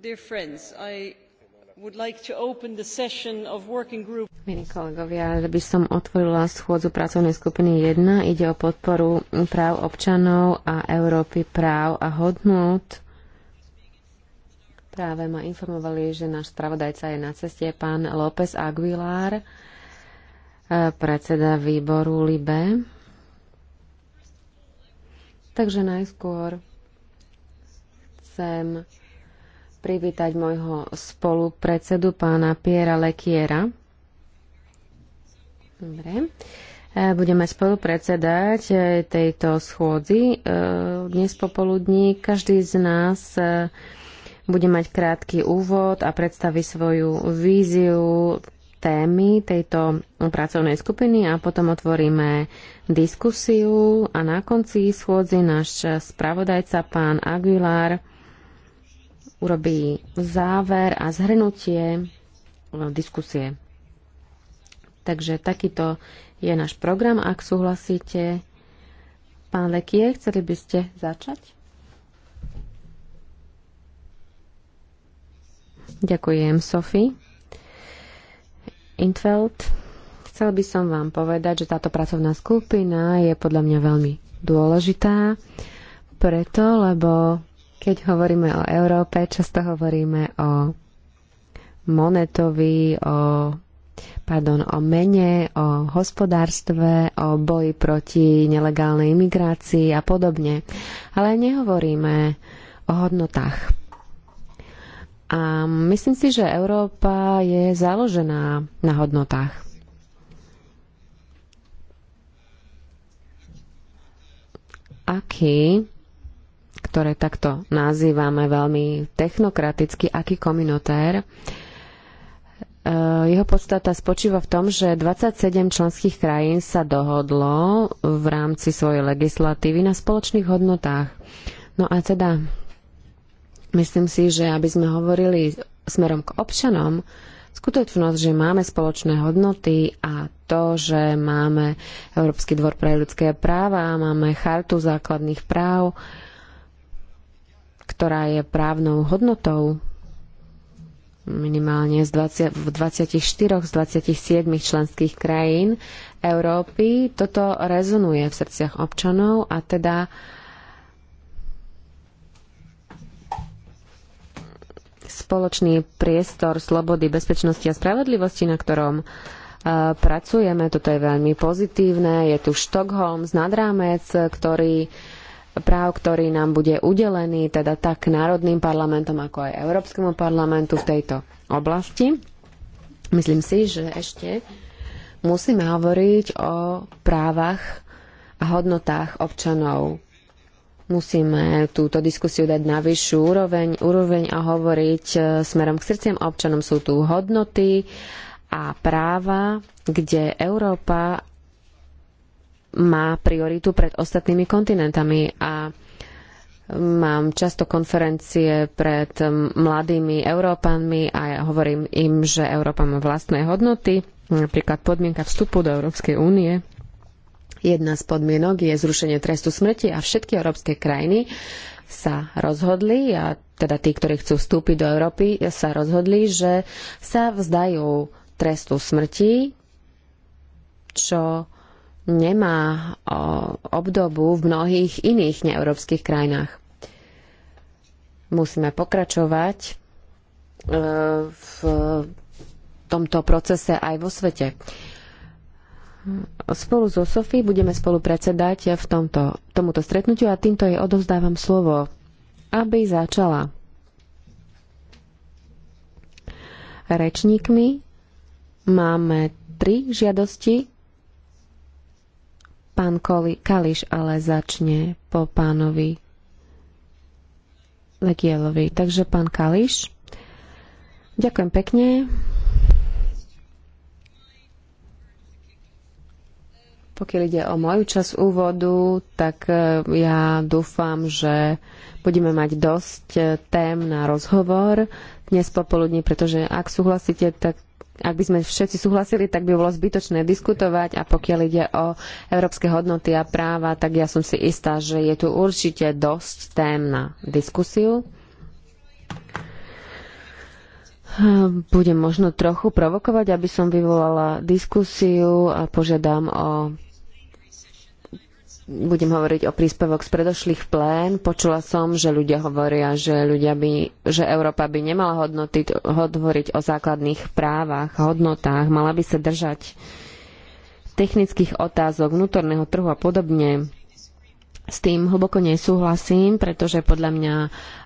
Dear friends, I would like to open the session of working group. Milí kolegovia, by som otvorila schôdzu pracovnej skupiny 1. Ide o podporu práv občanov a Európy práv a hodnot. Práve ma informovali, že náš spravodajca je na ceste, pán López Aguilar, eh, predseda výboru LIBE. Takže najskôr chcem privítať môjho spolupredsedu, pána Piera Lekiera. Dobre. E, budeme spolupredsedať e, tejto schôdzi e, dnes popoludní. Každý z nás bude mať krátky úvod a predstaví svoju víziu témy tejto pracovnej skupiny a potom otvoríme diskusiu a na konci schôdzi náš spravodajca pán Aguilar urobí záver a zhrnutie diskusie. Takže takýto je náš program. Ak súhlasíte, pán Lekie, chceli by ste začať? Ďakujem, Sophie. Intveld, chcel by som vám povedať, že táto pracovná skupina je podľa mňa veľmi dôležitá, preto, lebo keď hovoríme o Európe, často hovoríme o monetovi, o, pardon, o mene, o hospodárstve, o boji proti nelegálnej imigrácii a podobne. Ale nehovoríme o hodnotách. A myslím si, že Európa je založená na hodnotách. Aký ktoré takto nazývame veľmi technokraticky, aký kominotér, e, jeho podstata spočíva v tom, že 27 členských krajín sa dohodlo v rámci svojej legislatívy na spoločných hodnotách. No a teda, myslím si, že aby sme hovorili smerom k občanom, skutočnosť, že máme spoločné hodnoty a to, že máme Európsky dvor pre ľudské práva, máme chartu základných práv, ktorá je právnou hodnotou minimálne z 20, v 24 z 27 členských krajín Európy. Toto rezonuje v srdciach občanov a teda spoločný priestor slobody, bezpečnosti a spravodlivosti, na ktorom e, pracujeme. Toto je veľmi pozitívne. Je tu Štokholm z nadrámec, ktorý práv, ktorý nám bude udelený, teda tak národným parlamentom, ako aj Európskemu parlamentu v tejto oblasti. Myslím si, že ešte musíme hovoriť o právach a hodnotách občanov. Musíme túto diskusiu dať na vyššiu úroveň, úroveň a hovoriť e, smerom k srdciam občanom. Sú tu hodnoty a práva, kde Európa má prioritu pred ostatnými kontinentami a mám často konferencie pred mladými Európanmi a ja hovorím im, že Európa má vlastné hodnoty, napríklad podmienka vstupu do Európskej únie. Jedna z podmienok je zrušenie trestu smrti a všetky európske krajiny sa rozhodli, a teda tí, ktorí chcú vstúpiť do Európy, sa rozhodli, že sa vzdajú trestu smrti, čo nemá obdobu v mnohých iných neeurópskych krajinách. Musíme pokračovať e, v tomto procese aj vo svete. Spolu so Sofí budeme spolupredsedať v tomto, tomuto stretnutiu a týmto jej odovzdávam slovo, aby začala rečníkmi. Máme tri žiadosti Pán Koli, Kališ ale začne po pánovi Legielovi. Takže pán Kališ. Ďakujem pekne. Pokiaľ ide o moju čas úvodu, tak e, ja dúfam, že budeme mať dosť e, tém na rozhovor dnes popoludní, pretože ak súhlasíte, tak ak by sme všetci súhlasili, tak by bolo zbytočné diskutovať a pokiaľ ide o európske hodnoty a práva, tak ja som si istá, že je tu určite dosť tém na diskusiu. Budem možno trochu provokovať, aby som vyvolala diskusiu a požiadam o budem hovoriť o príspevok z predošlých plén. Počula som, že ľudia hovoria, že, ľudia by, že Európa by nemala hovoriť o základných právach, hodnotách, mala by sa držať technických otázok vnútorného trhu a podobne. S tým hlboko nesúhlasím, pretože podľa mňa,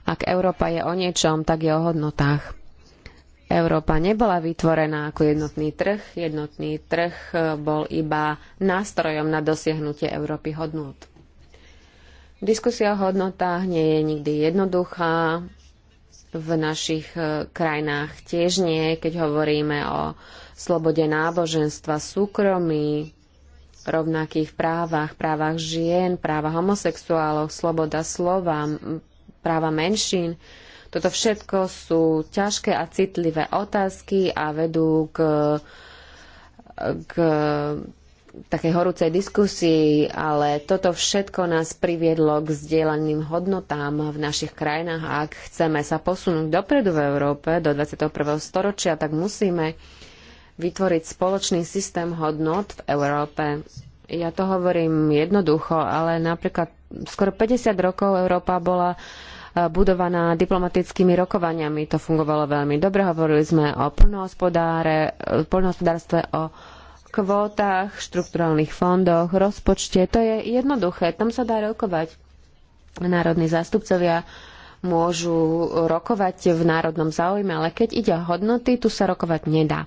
ak Európa je o niečom, tak je o hodnotách. Európa nebola vytvorená ako jednotný trh. Jednotný trh e, bol iba nástrojom na dosiahnutie Európy hodnôt. Diskusia o hodnotách nie je nikdy jednoduchá. V našich e, krajinách tiež nie, keď hovoríme o slobode náboženstva, súkromí, rovnakých právach, právach žien, práva homosexuálov, sloboda slova, práva menšín. Toto všetko sú ťažké a citlivé otázky a vedú k, k takej horúcej diskusii, ale toto všetko nás priviedlo k zdieľaným hodnotám v našich krajinách a ak chceme sa posunúť dopredu v Európe do 21. storočia, tak musíme vytvoriť spoločný systém hodnot v Európe. Ja to hovorím jednoducho, ale napríklad skoro 50 rokov Európa bola uh, budovaná diplomatickými rokovaniami. To fungovalo veľmi dobre. Hovorili sme o poľnohospodárstve, o kvótach, štrukturálnych fondoch, rozpočte. To je jednoduché. Tam sa dá rokovať. Národní zástupcovia môžu rokovať v národnom záujme, ale keď ide o hodnoty, tu sa rokovať nedá. E,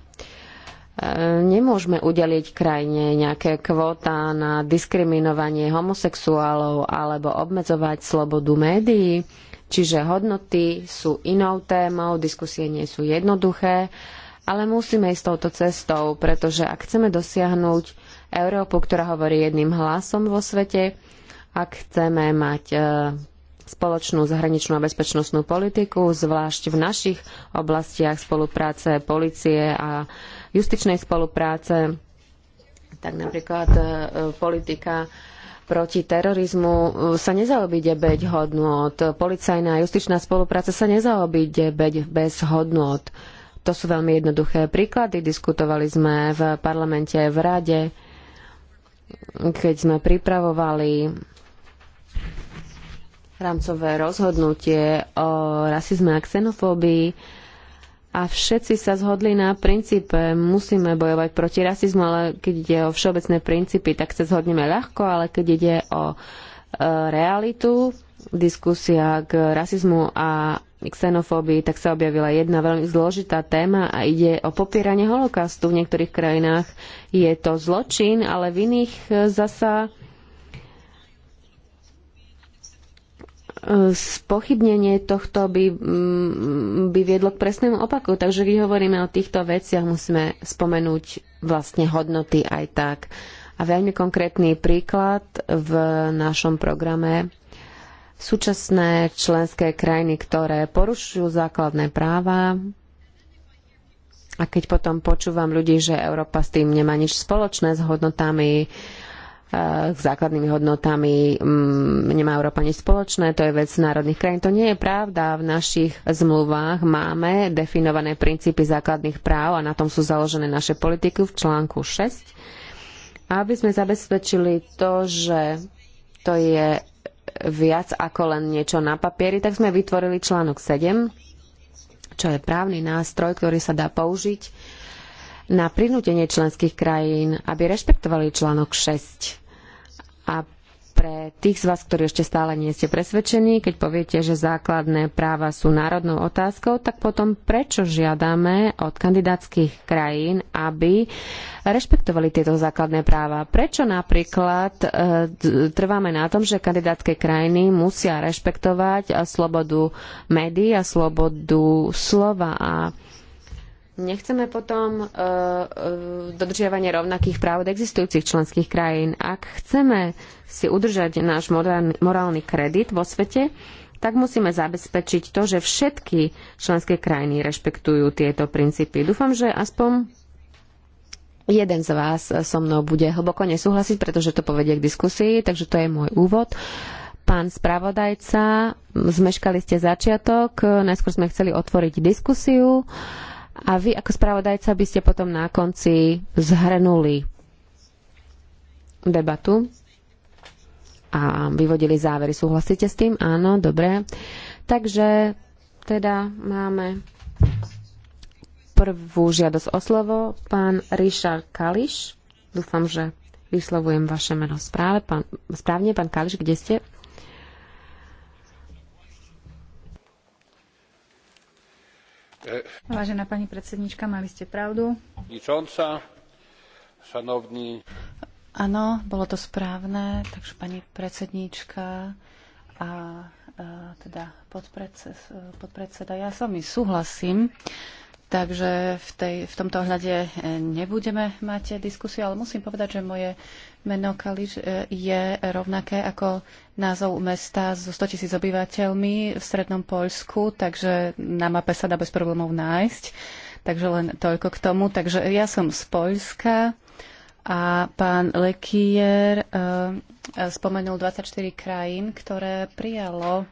nemôžeme udeliť krajine nejaké kvóta na diskriminovanie homosexuálov alebo obmedzovať slobodu médií Čiže hodnoty sú inou témou, diskusie nie sú jednoduché, ale musíme ísť touto cestou, pretože ak chceme dosiahnuť Európu, ktorá hovorí jedným hlasom vo svete, ak chceme mať e, spoločnú zahraničnú a bezpečnostnú politiku, zvlášť v našich oblastiach spolupráce policie a justičnej spolupráce, tak napríklad e, politika proti terorizmu e, sa nezaobíde beď hodnot. Policajná a justičná spolupráca sa nezaobíde beď bez hodnot. To sú veľmi jednoduché príklady. Diskutovali sme v parlamente, v rade, keď sme pripravovali rámcové rozhodnutie o rasizme a xenofóbii a všetci sa zhodli na princípe, musíme bojovať proti rasizmu, ale keď ide o všeobecné princípy, tak sa zhodneme ľahko, ale keď ide o e, realitu, diskusia k rasizmu a xenofóbii, tak sa objavila jedna veľmi zložitá téma a ide o popieranie holokaustu. V niektorých krajinách je to zločin, ale v iných e, zasa spochybnenie tohto by, mm, by viedlo k presnému opaku. Takže keď hovoríme o týchto veciach, musíme spomenúť vlastne hodnoty aj tak. A veľmi konkrétny príklad v našom programe súčasné členské krajiny, ktoré porušujú základné práva. A keď potom počúvam ľudí, že Európa s tým nemá nič spoločné s hodnotami, uh, Eh, k základnými hodnotami mm, nemá Európa nič spoločné, to je vec národných krajín. To nie je pravda. V našich zmluvách máme definované princípy základných práv a na tom sú založené naše politiky v článku 6, aby sme zabezpečili to, že to je viac ako len niečo na papieri, tak sme vytvorili článok 7, čo je právny nástroj, ktorý sa dá použiť na prinútenie členských krajín, aby rešpektovali článok 6. A pre tých z vás, ktorí ešte stále nie ste presvedčení, keď poviete, že základné práva sú národnou otázkou, tak potom prečo žiadame od kandidátskych krajín, aby rešpektovali tieto základné práva? Prečo napríklad e, trváme na tom, že kandidátske krajiny musia rešpektovať e, slobodu médií a slobodu slova a Nechceme potom uh, uh, dodržiavanie rovnakých práv od existujúcich členských krajín. Ak chceme si udržať náš morálny, morálny kredit vo svete, tak musíme zabezpečiť to, že všetky členské krajiny rešpektujú tieto princípy. Dúfam, že aspoň jeden z vás so mnou bude hlboko nesúhlasiť, pretože to povedie k diskusii, takže to je môj úvod. Pán spravodajca, zmeškali ste začiatok, najskôr sme chceli otvoriť diskusiu. Uh, a vy ako spravodajca by ste potom na konci zhrnuli debatu a vyvodili závery. Súhlasíte s tým? Áno, dobre. Takže teda máme prvú žiadosť o slovo. Pán Ríša Kališ. Dúfam, že vyslovujem vaše meno správne. Pán, správne, pán Kališ, kde ste? Vážená pani predsednička, mali ste pravdu. Šanovní... Áno, bolo to správne, takže pani predsedníčka a e, teda podpredseda, ja s vami súhlasím. Takže v, tej, v tomto ohľade e, nebudeme mať diskusiu, ale musím povedať, že moje Meno Kalič e, je rovnaké ako názov mesta so 100 tisíc obyvateľmi v strednom Poľsku, takže na mape sa dá bez problémov nájsť. Takže len toľko k tomu. Takže ja som z Poľska a pán Lekier e, spomenul 24 krajín, ktoré prijalo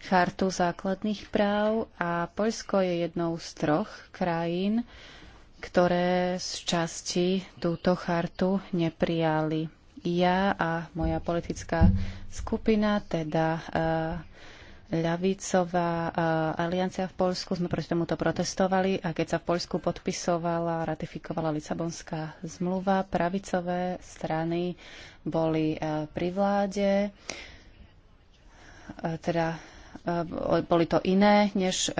chartu základných práv a Poľsko je jednou z troch krajín, ktoré z časti túto chartu neprijali. Ja a moja politická skupina, teda e, ľavicová e, aliancia v Polsku. Sme proti tomuto protestovali a keď sa v Polsku podpisovala, ratifikovala Lisabonská zmluva, pravicové strany boli e, pri vláde, teda boli to iné než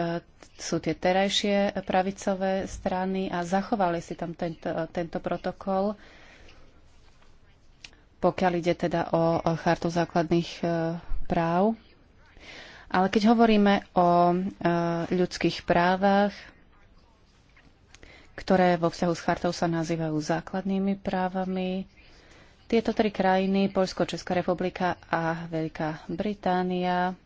sú tie terajšie pravicové strany a zachovali si tam tento, tento protokol, pokiaľ ide teda o chartu základných e, práv. Ale keď hovoríme o e, ľudských právach, ktoré vo vzťahu s chartou sa nazývajú základnými právami, tieto tri krajiny, Polsko, Česká republika a Veľká Británia,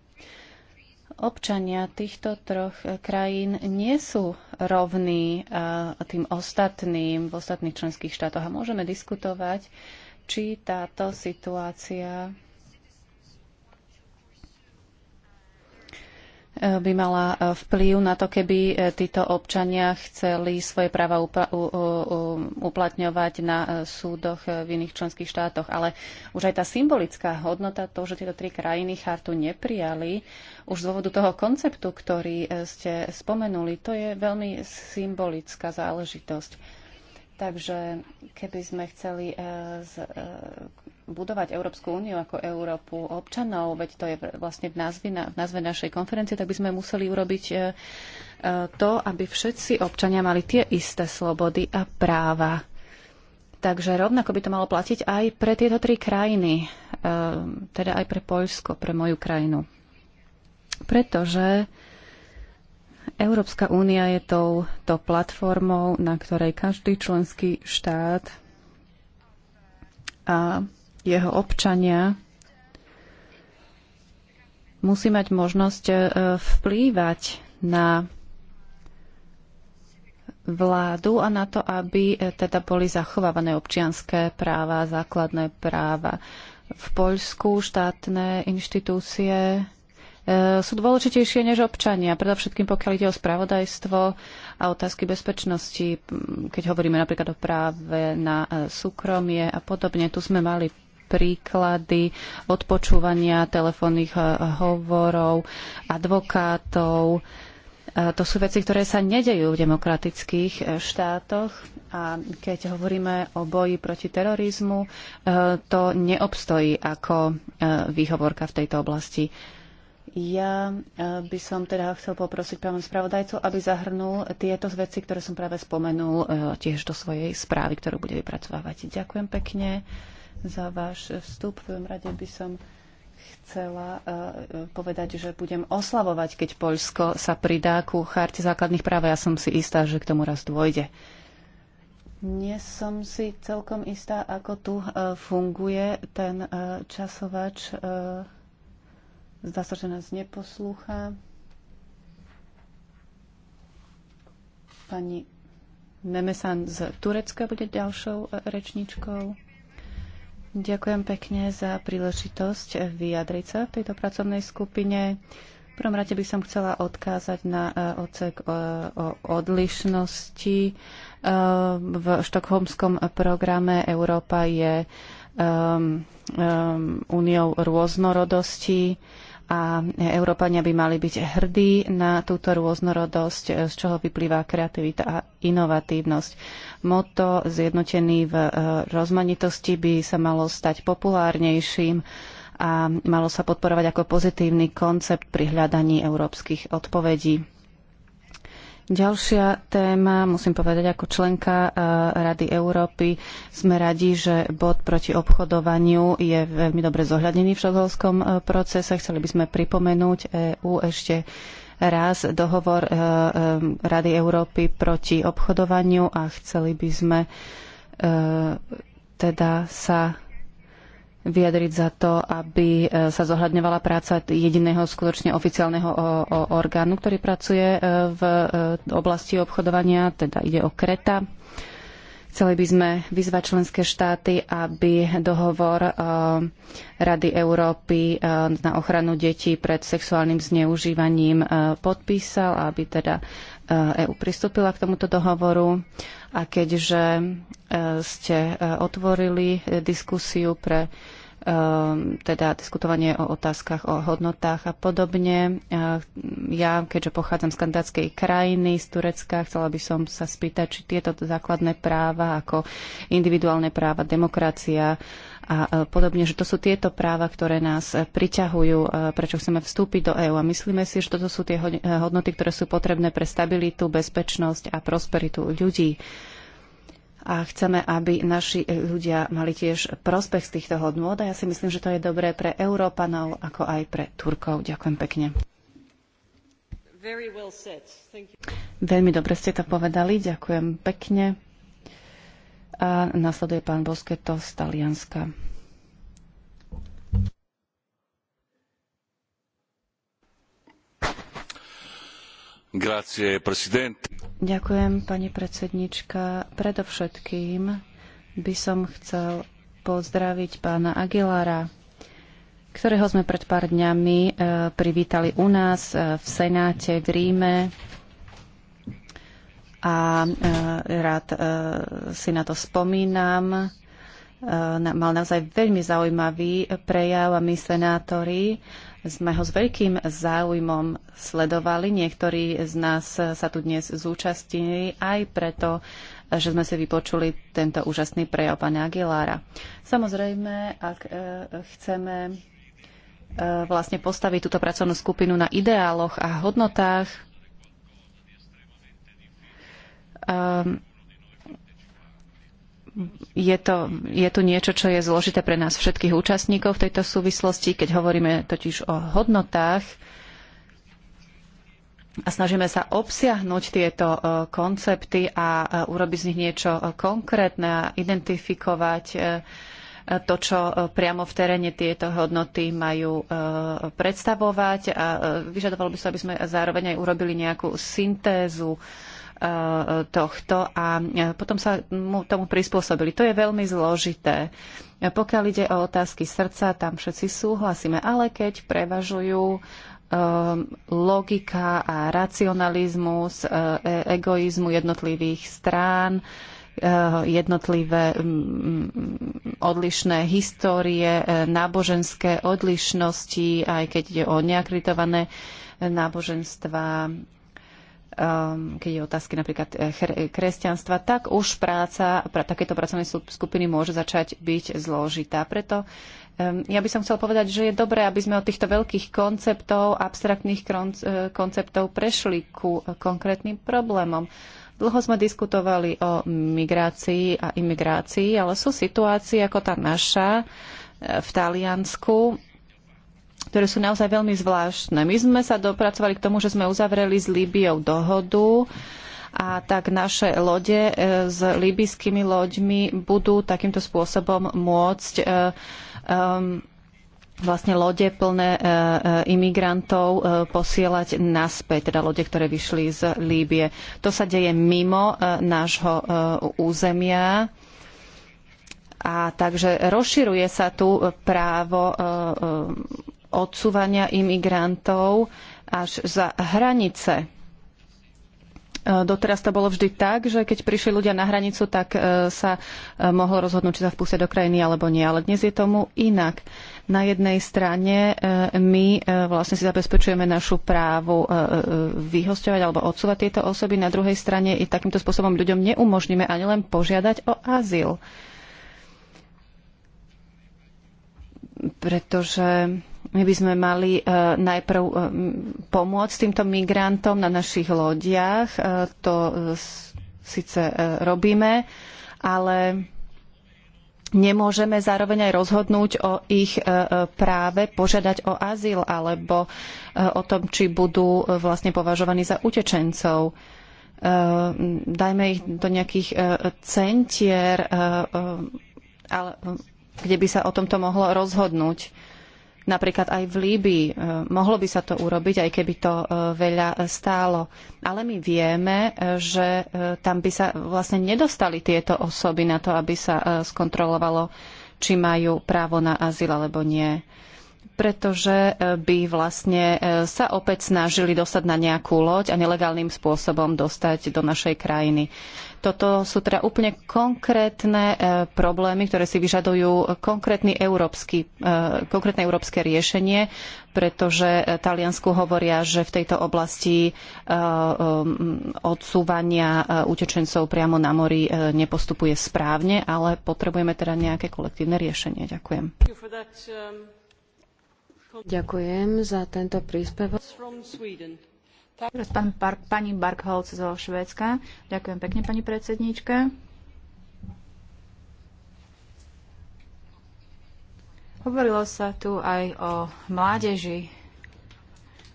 občania týchto troch eh, krajín nie sú rovní eh, tým ostatným v ostatných členských štátoch. A môžeme diskutovať, či táto situácia E, by mala e, vplyv na to, keby e, títo občania chceli svoje práva uplatňovať na súdoch v iných členských štátoch. Ale už aj tá symbolická hodnota toho, že tieto tri krajiny chartu neprijali, už z dôvodu toho konceptu, ktorý ste spomenuli, to je veľmi symbolická záležitosť. Takže keby sme chceli budovať Európsku úniu ako Európu občanov, veď to je vlastne v názve, v názve našej konferencie, tak by sme museli urobiť e, e, to, aby všetci občania mali tie isté slobody a práva. Takže rovnako by to malo platiť aj pre tieto tri krajiny, e, teda aj pre Poľsko, pre moju krajinu. Pretože Európska únia je tou to platformou, na ktorej každý členský štát a jeho občania musí mať možnosť e, vplývať na vládu a na to, aby e, teda boli zachovávané občianské práva, základné práva. V Poľsku štátne inštitúcie e, sú dôležitejšie než občania, predovšetkým pokiaľ ide o spravodajstvo a otázky bezpečnosti, keď hovoríme napríklad o práve na súkromie a podobne. Tu sme mali príklady odpočúvania telefónnych eh, hovorov, advokátov. Eh, to sú veci, ktoré sa nedejú v demokratických eh, štátoch a keď hovoríme o boji proti terorizmu, to neobstojí ako výhovorka v tejto oblasti. Ja by som teda chcel poprosiť pánom spravodajcu, aby zahrnul tieto veci, ktoré som práve spomenul, tiež do svojej správy, ktorú bude vypracovávať. Ďakujem pekne za váš vstup. V prvom rade by som chcela e, e, povedať, že budem oslavovať, keď Poľsko sa pridá ku charte základných práv. Ja som si istá, že k tomu raz dôjde. Nie som si celkom istá, ako tu e, funguje ten časovač. Zdá sa, že nás neposlúcha. Pani Nemesan z Turecka bude ďalšou rečničkou. Ďakujem pekne za príležitosť vyjadriť sa v tejto pracovnej skupine. V prvom rade by som chcela odkázať na e, odsek e, o odlišnosti. E, v štokholmskom programe Európa je úniou rôznorodosti a Európania by mali byť hrdí na túto rôznorodosť, z čoho vyplýva kreativita a inovatívnosť. Moto zjednotený v e, rozmanitosti by sa malo stať populárnejším a malo sa podporovať ako pozitívny koncept pri hľadaní európskych odpovedí. Ďalšia téma, musím povedať, ako členka eh, Rady Európy sme radi, že bod proti obchodovaniu je veľmi dobre zohľadnený v šokholskom eh, procese. Chceli by sme pripomenúť EU ešte raz dohovor eh, Rady Európy proti obchodovaniu a chceli by sme teda sa vyjadriť za to, aby e, sa zohľadňovala práca jediného skutočne oficiálneho orgánu, ktorý pracuje e, v e, oblasti obchodovania, teda ide o Kreta. Chceli by sme vyzvať členské štáty, aby dohovor Rady Európy na ochranu detí pred sexuálnym zneužívaním podpísal, aby teda EÚ eh, e pristúpila k tomuto dohovoru a keďže eh, ste eh, otvorili diskusiu pre teda diskutovanie o otázkach, o hodnotách a podobne. Ja, keďže pochádzam z kandidátskej krajiny, z Turecka, chcela by som sa spýtať, či tieto základné práva ako individuálne práva, demokracia, a e, podobne, že to sú tieto práva, ktoré nás e, priťahujú, e, prečo chceme vstúpiť do EÚ. A myslíme si, že toto sú tie hodnoty, ktoré sú potrebné pre stabilitu, bezpečnosť a prosperitu ľudí. A chceme, aby naši ľudia mali tiež prospech z týchto hodnôt. A ja si myslím, že to je dobré pre Európanov, ako aj pre Turkov. Ďakujem pekne. Veľmi dobre ste to povedali. Ďakujem pekne a nasleduje pán Bosketo z Talianska. Grazie, Ďakujem, pani predsednička. Predovšetkým by som chcel pozdraviť pána Aguilara, ktorého sme pred pár dňami eh, privítali u nás eh, v Senáte v Ríme a e, rád e, si na to spomínam. E, mal naozaj veľmi zaujímavý prejav a my senátori sme ho s veľkým záujmom sledovali. Niektorí z nás sa tu dnes zúčastnili aj preto, že sme si vypočuli tento úžasný prejav pána Aguilára. Samozrejme, ak chceme vlastne postaviť túto pracovnú skupinu na ideáloch a hodnotách, Ehm, je, to, je tu niečo, čo je zložité pre nás všetkých účastníkov v tejto súvislosti, keď hovoríme totiž o hodnotách a snažíme sa obsiahnuť tieto e, koncepty a e, urobiť z nich niečo e, konkrétne a identifikovať to, čo priamo v teréne tieto hodnoty majú predstavovať. A vyžadovalo by sa, aby sme zároveň aj urobili nejakú syntézu tohto a e, potom sa mu tomu prispôsobili. To je veľmi zložité. E, pokiaľ ide o otázky srdca, tam všetci súhlasíme, ale keď prevažujú e, logika a racionalizmus, egoizmu jednotlivých strán, jednotlivé odlišné histórie, náboženské odlišnosti, aj keď ide o neakreditované náboženstva, Ehm, keď je otázky napríklad eh, eh, kresťanstva, tak už práca pra, takéto pracovnej skupiny môže začať byť zložitá. Preto ehm, ja by som chcel povedať, že je dobré, aby sme od týchto veľkých konceptov, abstraktných eh, konceptov prešli ku konkrétnym problémom. Dlho sme diskutovali o migrácii a imigrácii, ale sú situácie ako tá naša v Taliansku, ktoré sú naozaj veľmi zvláštne. My sme sa dopracovali k tomu, že sme uzavreli s Líbiou dohodu a tak naše lode e, s líbyskými loďmi budú takýmto spôsobom môcť um, vlastne lode plné imigrantov posielať naspäť, teda lode, ktoré vyšli z Líbie. To sa deje mimo nášho územia. A takže rozširuje sa tu právo odsúvania imigrantov až za hranice. E, doteraz to bolo vždy tak, že keď prišli ľudia na hranicu, tak e, sa e, mohlo rozhodnúť, či sa vpustia do krajiny alebo nie. Ale dnes je tomu inak. Na jednej strane my vlastne si zabezpečujeme našu právu vyhosťovať alebo odsúvať tieto osoby. Na druhej strane i takýmto spôsobom ľuďom neumožníme ani len požiadať o azyl. Pretože my by sme mali e, najprv e, pomôcť týmto migrantom na našich lodiach. E, to síce robíme, ale nemôžeme zároveň aj rozhodnúť o ich práve požiadať o azyl alebo o tom, či budú vlastne považovaní za utečencov. Dajme ich do nejakých centier, kde by sa o tomto mohlo rozhodnúť napríklad aj v Líbii. E, mohlo by sa to urobiť, aj keby to e, veľa stálo. Ale my vieme, e, že tam by sa vlastne nedostali tieto osoby na to, aby sa skontrolovalo, či majú právo na azyl alebo nie pretože e, by vlastne e, sa opäť snažili dostať na nejakú loď a nelegálnym spôsobom dostať do našej krajiny. Toto sú teda úplne konkrétne e, problémy, ktoré si vyžadujú konkrétny európsky, konkrétne európske riešenie, pretože Taliansku hovoria, že v tejto oblasti odsúvania utečencov priamo na mori nepostupuje správne, ale potrebujeme teda nejaké kolektívne riešenie. Ďakujem. Ďakujem za tento príspevok. Teraz pán Park, pani Barkholz zo Švédska. Ďakujem pekne, pani predsedníčka. Hovorilo sa tu aj o mládeži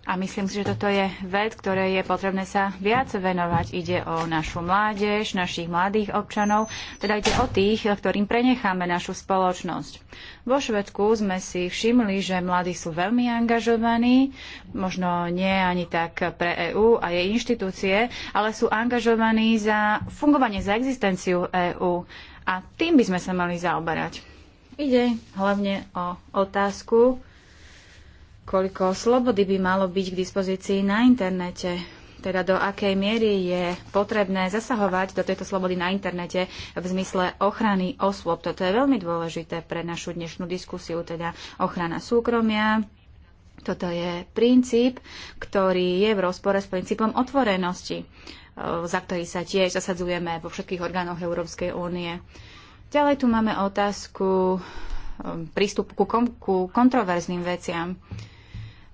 a myslím si, že toto je vec, ktorej je potrebné sa viac venovať. Ide o našu mládež, našich mladých občanov, teda ide o tých, ktorým prenecháme našu spoločnosť. Vo Švedsku sme si všimli, že mladí sú veľmi angažovaní, možno nie ani tak pre EÚ a jej inštitúcie, ale sú angažovaní za fungovanie, za existenciu EÚ. A tým by sme sa mali zaoberať. Ide hlavne o otázku, koľko slobody by malo byť k dispozícii na internete, teda do akej miery je potrebné zasahovať do tejto slobody na internete v zmysle ochrany osôb. Toto je veľmi dôležité pre našu dnešnú diskusiu, teda ochrana súkromia. Toto je princíp, ktorý je v rozpore s princípom otvorenosti, e, za ktorý sa tiež zasadzujeme vo všetkých orgánoch Európskej únie. Ďalej tu máme otázku e, prístupu ku, ku kontroverzným veciam.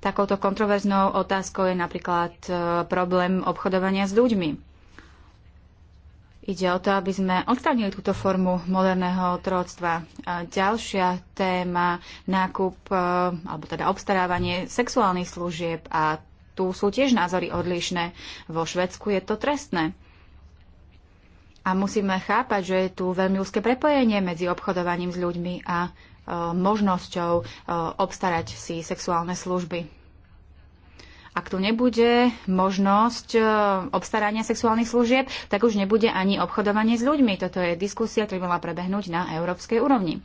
Takouto kontroverznou otázkou je napríklad e, problém obchodovania s ľuďmi. Ide o to, aby sme odstranili túto formu moderného otroctva. Ďalšia téma, nákup, e, alebo teda obstarávanie sexuálnych služieb a tu sú tiež názory odlišné. Vo Švedsku je to trestné. A musíme chápať, že je tu veľmi úzke prepojenie medzi obchodovaním s ľuďmi a e, možnosťou obstarať si sexuálne služby ak tu nebude možnosť e, obstarania sexuálnych služieb, tak už nebude ani obchodovanie s ľuďmi. Toto je diskusia, ktorá by mala prebehnúť na európskej úrovni.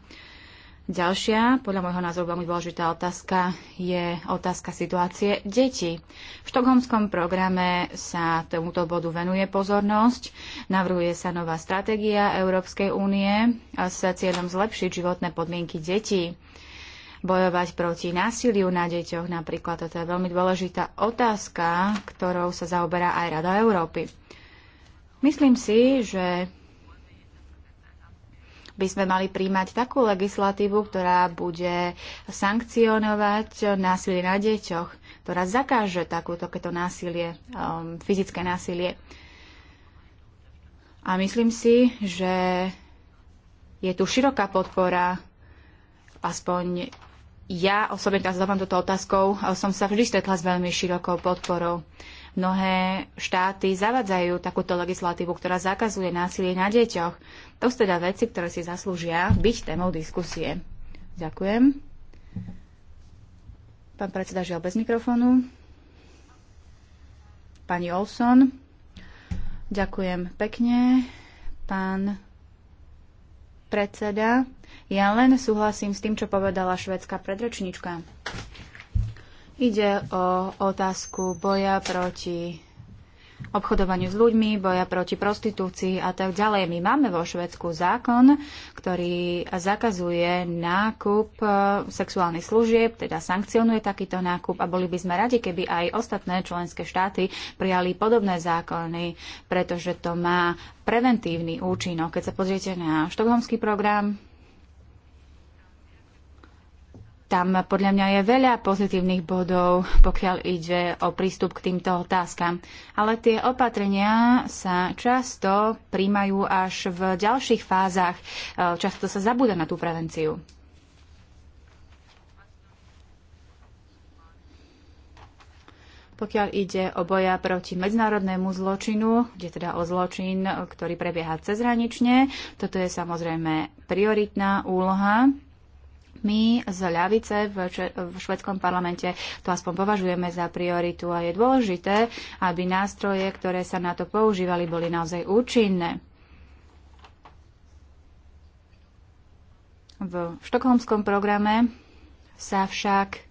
Ďalšia, podľa môjho názoru veľmi dôležitá otázka, je otázka situácie detí. V štokholmskom programe sa tomuto bodu venuje pozornosť. Navrhuje sa nová stratégia Európskej únie s cieľom zlepšiť životné podmienky detí bojovať proti násiliu na deťoch. Napríklad toto je veľmi dôležitá otázka, ktorou sa zaoberá aj Rada Európy. Myslím si, že by sme mali príjmať takú legislatívu, ktorá bude sankcionovať násilie na deťoch, ktorá zakáže takúto keto násilie, um, fyzické násilie. A myslím si, že je tu široká podpora, aspoň ja osobne, teraz dávam túto otázkou, som sa vždy stretla s veľmi širokou podporou. Mnohé štáty zavadzajú takúto legislatívu, ktorá zakazuje násilie na deťoch. To sú teda veci, ktoré si zaslúžia byť témou diskusie. Ďakujem. Pán predseda žiaľ bez mikrofónu. Pani Olson. Ďakujem pekne. Pán predseda. Ja len súhlasím s tým, čo povedala švedská predrečnička. Ide o otázku boja proti obchodovaniu s ľuďmi, boja proti prostitúcii a tak ďalej. My máme vo Švedsku zákon, ktorý zakazuje nákup e, sexuálnych služieb, teda sankcionuje takýto nákup a boli by sme radi, keby aj ostatné členské štáty prijali podobné zákony, pretože to má preventívny účinok. Keď sa pozriete na štokholmský program, tam podľa mňa je veľa pozitívnych bodov, pokiaľ ide o prístup k týmto otázkam. Ale tie opatrenia sa často príjmajú až v ďalších fázach. E, často sa zabúda na tú prevenciu. pokiaľ ide o boja proti medzinárodnému zločinu, kde teda o zločin, ktorý prebieha cezhranične. Toto je samozrejme prioritná úloha my z ľavice v, v švedskom parlamente to aspoň považujeme za prioritu a je dôležité, aby nástroje, ktoré sa na to používali, boli naozaj účinné. V štokholmskom programe sa však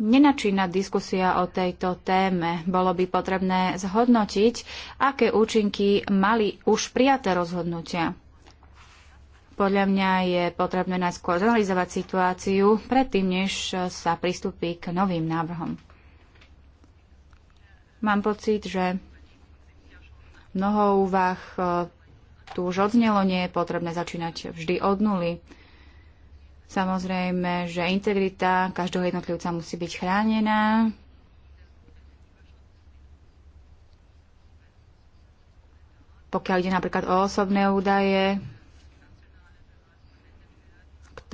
nenačína diskusia o tejto téme. Bolo by potrebné zhodnotiť, aké účinky mali už prijaté rozhodnutia. Podľa mňa je potrebné najskôr zanalizovať situáciu predtým, než sa pristúpi k novým návrhom. Mám pocit, že mnoho úvah eh, tu už odznelo, nie je potrebné začínať vždy od nuly. Samozrejme, že integrita každého jednotlivca musí byť chránená. Pokiaľ ide napríklad o osobné údaje,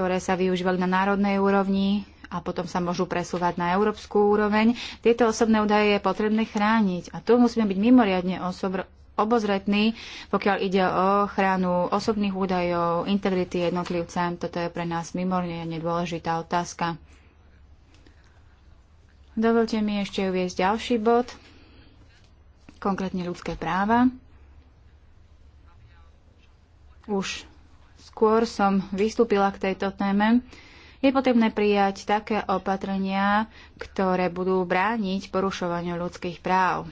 ktoré sa využívali na národnej úrovni a potom sa môžu presúvať na európsku úroveň. Tieto osobné údaje je potrebné chrániť a tu musíme byť mimoriadne osob- obozretní, pokiaľ ide o ochranu osobných údajov, integrity jednotlivca. Toto je pre nás mimoriadne dôležitá otázka. Dovolte mi ešte uviezť ďalší bod, konkrétne ľudské práva. Už skôr som vystúpila k tejto téme, je potrebné prijať také opatrenia, ktoré budú brániť porušovaniu ľudských práv.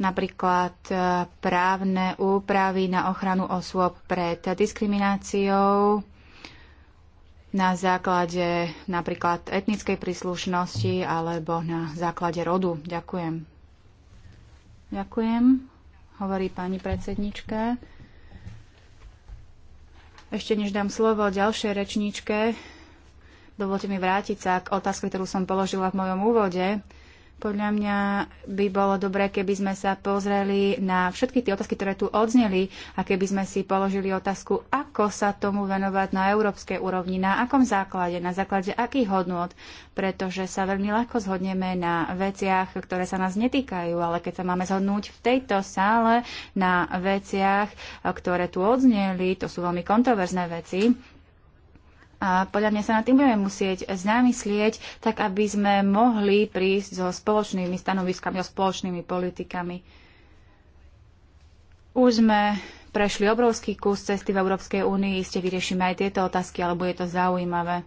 Napríklad e, právne úpravy na ochranu osôb pred diskrimináciou na základe napríklad etnickej príslušnosti alebo na základe rodu. Ďakujem. Ďakujem, hovorí pani predsednička. Ešte než dám slovo ďalšej rečníčke, dovolte mi vrátiť sa k otázke, ktorú som položila v mojom úvode podľa mňa by bolo dobré, keby sme sa pozreli na všetky tie otázky, ktoré tu odzneli a keby sme si položili otázku, ako sa tomu venovať na európskej úrovni, na akom základe, na základe akých hodnôt, pretože sa veľmi ľahko zhodneme na veciach, ktoré sa nás netýkajú, ale keď sa máme zhodnúť v tejto sále na veciach, ktoré tu odzneli, to sú veľmi kontroverzné veci, a podľa mňa sa na tým budeme musieť zamyslieť, tak aby sme mohli prísť so spoločnými stanoviskami, so spoločnými politikami. Už sme prešli obrovský kus cesty v Európskej únii, iste vyriešime aj tieto otázky, alebo je to zaujímavé.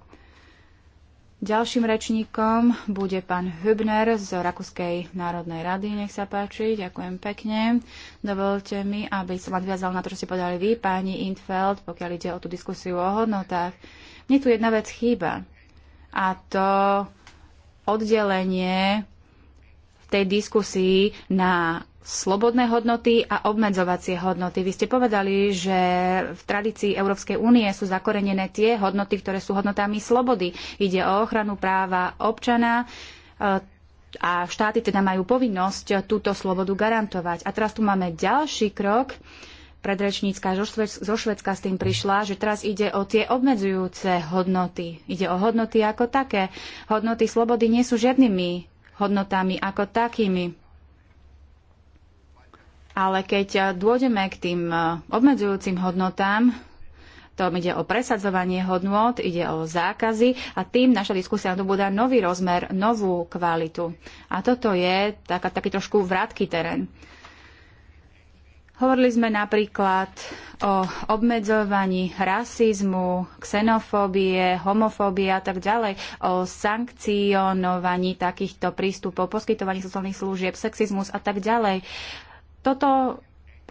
Ďalším rečníkom bude pán Hübner z Rakúskej národnej rady. Nech sa páči, ďakujem pekne. Dovolte mi, aby som nadviazal na to, čo ste podali vy, páni Intfeld, pokiaľ ide o tú diskusiu o hodnotách. Mne tu jedna vec chýba a to oddelenie v tej diskusii na slobodné hodnoty a obmedzovacie hodnoty. Vy ste povedali, že v tradícii Európskej únie sú zakorenené tie hodnoty, ktoré sú hodnotami slobody. Ide o ochranu práva občana eh, a štáty teda majú povinnosť túto slobodu garantovať. A teraz tu máme ďalší krok, predrečnícka zo, Švedska s tým prišla, že teraz ide o tie obmedzujúce hodnoty. Ide o hodnoty ako také. Hodnoty slobody nie sú žiadnymi hodnotami ako takými. Ale keď dôjdeme k tým eh, obmedzujúcim hodnotám, to ide o presadzovanie hodnot, ide o zákazy a tým naša diskusia bude nový rozmer, novú kvalitu. A toto je taká, taký trošku vrátky terén. Hovorili sme napríklad o obmedzovaní rasizmu, xenofóbie, homofóbie a tak ďalej, o sankcionovaní takýchto prístupov, poskytovaní sociálnych služieb, sexizmus a tak ďalej. Toto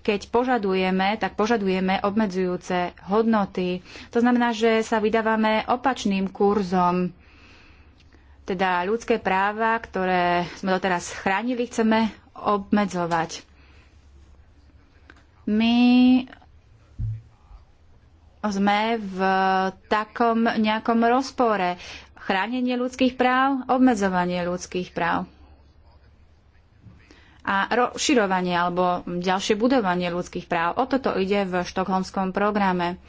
keď požadujeme, tak požadujeme obmedzujúce hodnoty. To znamená, že sa vydávame opačným kurzom. Teda ľudské práva, ktoré sme doteraz chránili, chceme obmedzovať. My sme v takom nejakom rozpore. Chránenie ľudských práv, obmedzovanie ľudských práv a rozširovanie alebo ďalšie budovanie ľudských práv. O toto ide v štokholmskom programe.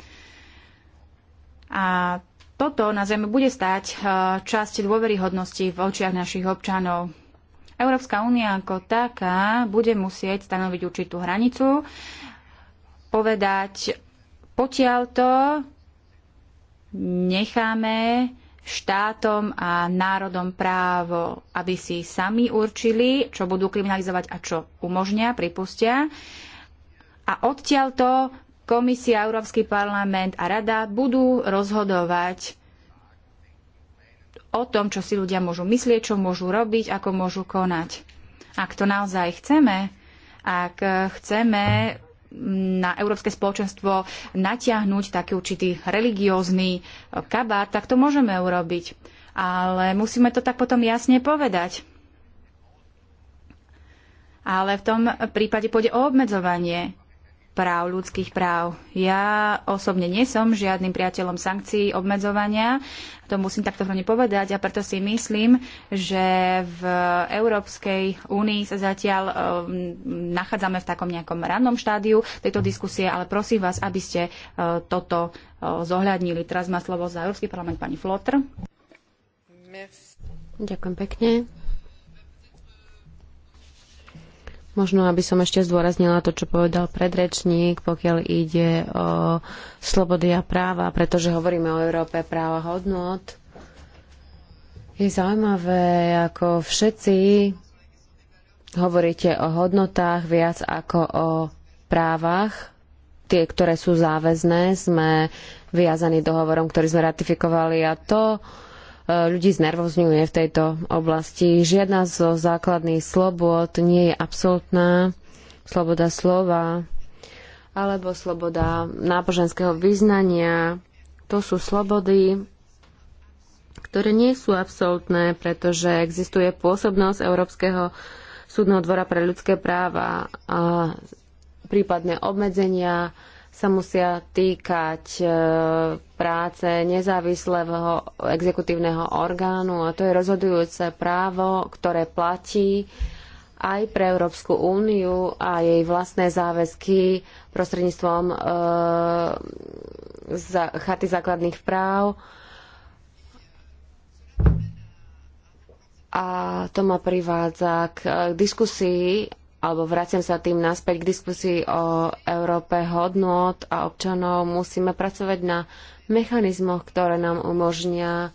A toto na zemi bude stať e, časť dôveryhodnosti v očiach našich občanov. Európska únia ako taká bude musieť stanoviť určitú hranicu povedať, potiaľ to necháme štátom a národom právo, aby si sami určili, čo budú kriminalizovať a čo umožnia, pripustia. A odtiaľto komisia, Európsky parlament a rada budú rozhodovať o tom, čo si ľudia môžu myslieť, čo môžu robiť, ako môžu konať. Ak to naozaj chceme, ak chceme na európske spoločenstvo natiahnuť taký určitý religiózny e, kabát, tak to môžeme urobiť. Ale musíme to tak potom jasne povedať. Ale v tom prípade pôjde o obmedzovanie práv, ľudských práv. Ja osobne nie som žiadnym priateľom sankcií, obmedzovania, to musím takto hlavne povedať a preto si myslím, že v Európskej únii sa zatiaľ um, nachádzame v takom nejakom rannom štádiu tejto diskusie, ale prosím vás, aby ste uh, toto uh, zohľadnili. Teraz má slovo za Európsky parlament pani Flotr. Ďakujem pekne. Možno, aby som ešte zdôraznila to, čo povedal predrečník, pokiaľ ide o slobody a práva, pretože hovoríme o Európe práva hodnot. Je zaujímavé, ako všetci hovoríte o hodnotách viac ako o právach. Tie, ktoré sú záväzné, sme viazaní dohovorom, ktorý sme ratifikovali a to ľudí znervozňuje v tejto oblasti. Žiadna zo základných slobod nie je absolútna. Sloboda slova alebo sloboda náboženského vyznania. To sú slobody, ktoré nie sú absolútne, pretože existuje pôsobnosť Európskeho súdneho dvora pre ľudské práva a prípadné obmedzenia sa musia týkať e, práce nezávislého exekutívneho orgánu a to je rozhodujúce právo, ktoré platí aj pre Európsku úniu a jej vlastné záväzky prostredníctvom e, za, chaty základných práv. A to ma privádza k, k e, diskusii alebo vraciam sa tým naspäť k diskusii o Európe hodnot a občanov, musíme pracovať na mechanizmoch, ktoré nám umožnia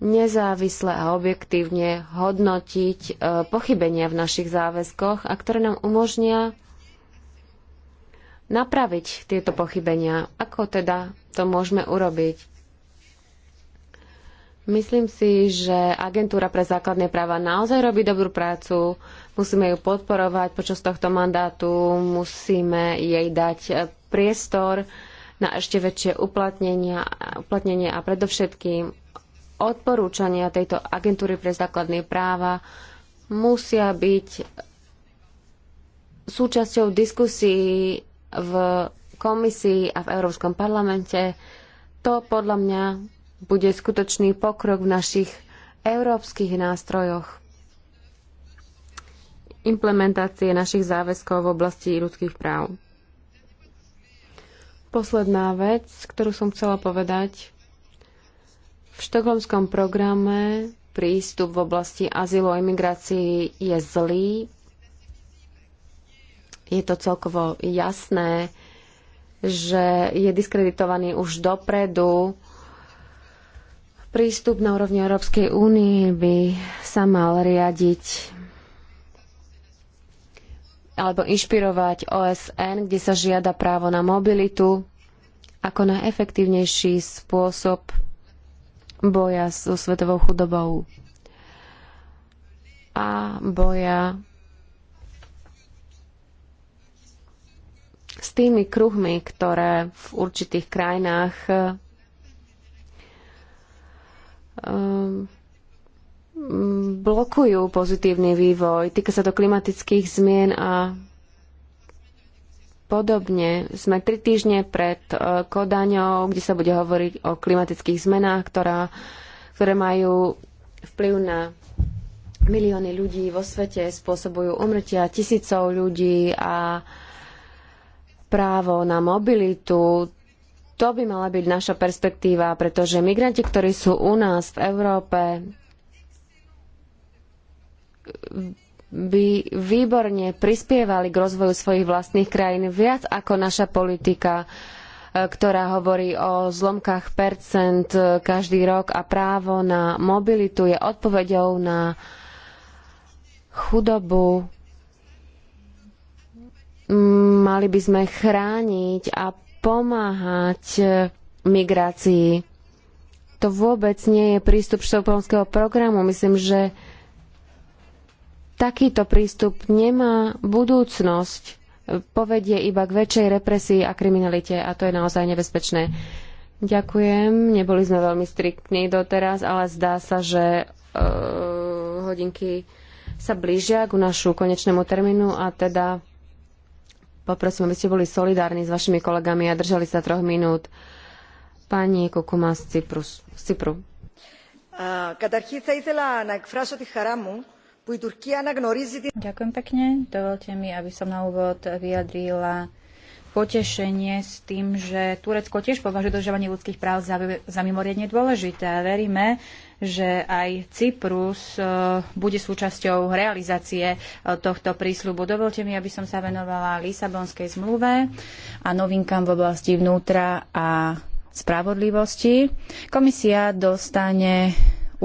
nezávisle a objektívne hodnotiť e, pochybenia v našich záväzkoch a ktoré nám umožnia napraviť tieto pochybenia. Ako teda to môžeme urobiť? Myslím si, že agentúra pre základné práva naozaj robí dobrú prácu. Musíme ju podporovať počas tohto mandátu, musíme jej dať priestor na ešte väčšie uplatnenie a predovšetkým odporúčania tejto agentúry pre základné práva musia byť súčasťou diskusí v komisii a v Európskom parlamente. To podľa mňa bude skutočný pokrok v našich európskych nástrojoch implementácie našich záväzkov v oblasti ľudských práv. Posledná vec, ktorú som chcela povedať. V štokholmskom programe prístup v oblasti azylu a imigrácii je zlý. Je to celkovo jasné, že je diskreditovaný už dopredu prístup na úrovni Európskej únie by sa mal riadiť alebo inšpirovať OSN, kde sa žiada právo na mobilitu ako najefektívnejší spôsob boja so svetovou chudobou a boja s tými kruhmi, ktoré v určitých krajinách um, blokujú pozitívny vývoj. Týka sa to klimatických zmien a podobne. Sme tri týždne pred e, Kodaňou, kde sa bude hovoriť o klimatických zmenách, ktorá, ktoré majú vplyv na milióny ľudí vo svete, spôsobujú umrtia tisícov ľudí a právo na mobilitu. To by mala byť naša perspektíva, pretože migranti, ktorí sú u nás v Európe, by výborne prispievali k rozvoju svojich vlastných krajín viac ako naša politika, e, ktorá hovorí o zlomkách percent e, každý rok a právo na mobilitu je odpoveďou na chudobu. Mali by sme chrániť a pomáhať e, migrácii. To vôbec nie je prístup štokholmského programu. Myslím, že Takýto prístup nemá budúcnosť, povedie iba k väčšej represii a kriminalite a to je naozaj nebezpečné. Ďakujem, neboli sme veľmi striktní doteraz, ale zdá sa, že uh, hodinky sa blížia ku našu konečnému termínu a teda poprosím, aby ste boli solidárni s vašimi kolegami a držali sa troch minút. Pani Kukuma z Cypru. Z Cypru. Uh, Ďakujem pekne. Dovolte mi, aby som na úvod vyjadrila potešenie s tým, že Turecko tiež považuje dodržiavanie ľudských práv za, za mimoriadne dôležité a veríme, že aj Cyprus e, bude súčasťou realizácie e, tohto prísľubu. Dovolte mi, aby som sa venovala Lisabonskej zmluve a novinkám v oblasti vnútra a spravodlivosti. Komisia dostane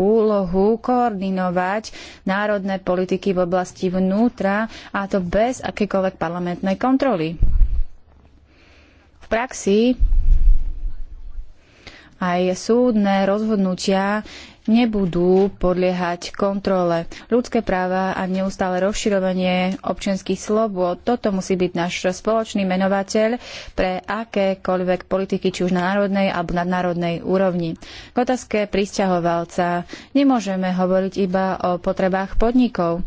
úlohu koordinovať národné politiky v oblasti vnútra a to bez akékoľvek parlamentnej kontroly. V praxi aj súdne rozhodnutia nebudú podliehať kontrole. Ľudské práva a neustále rozširovanie občianských slobôd, toto musí byť náš spoločný menovateľ pre akékoľvek politiky, či už na národnej alebo nadnárodnej úrovni. K otázke pristahovalca nemôžeme hovoriť iba o potrebách podnikov.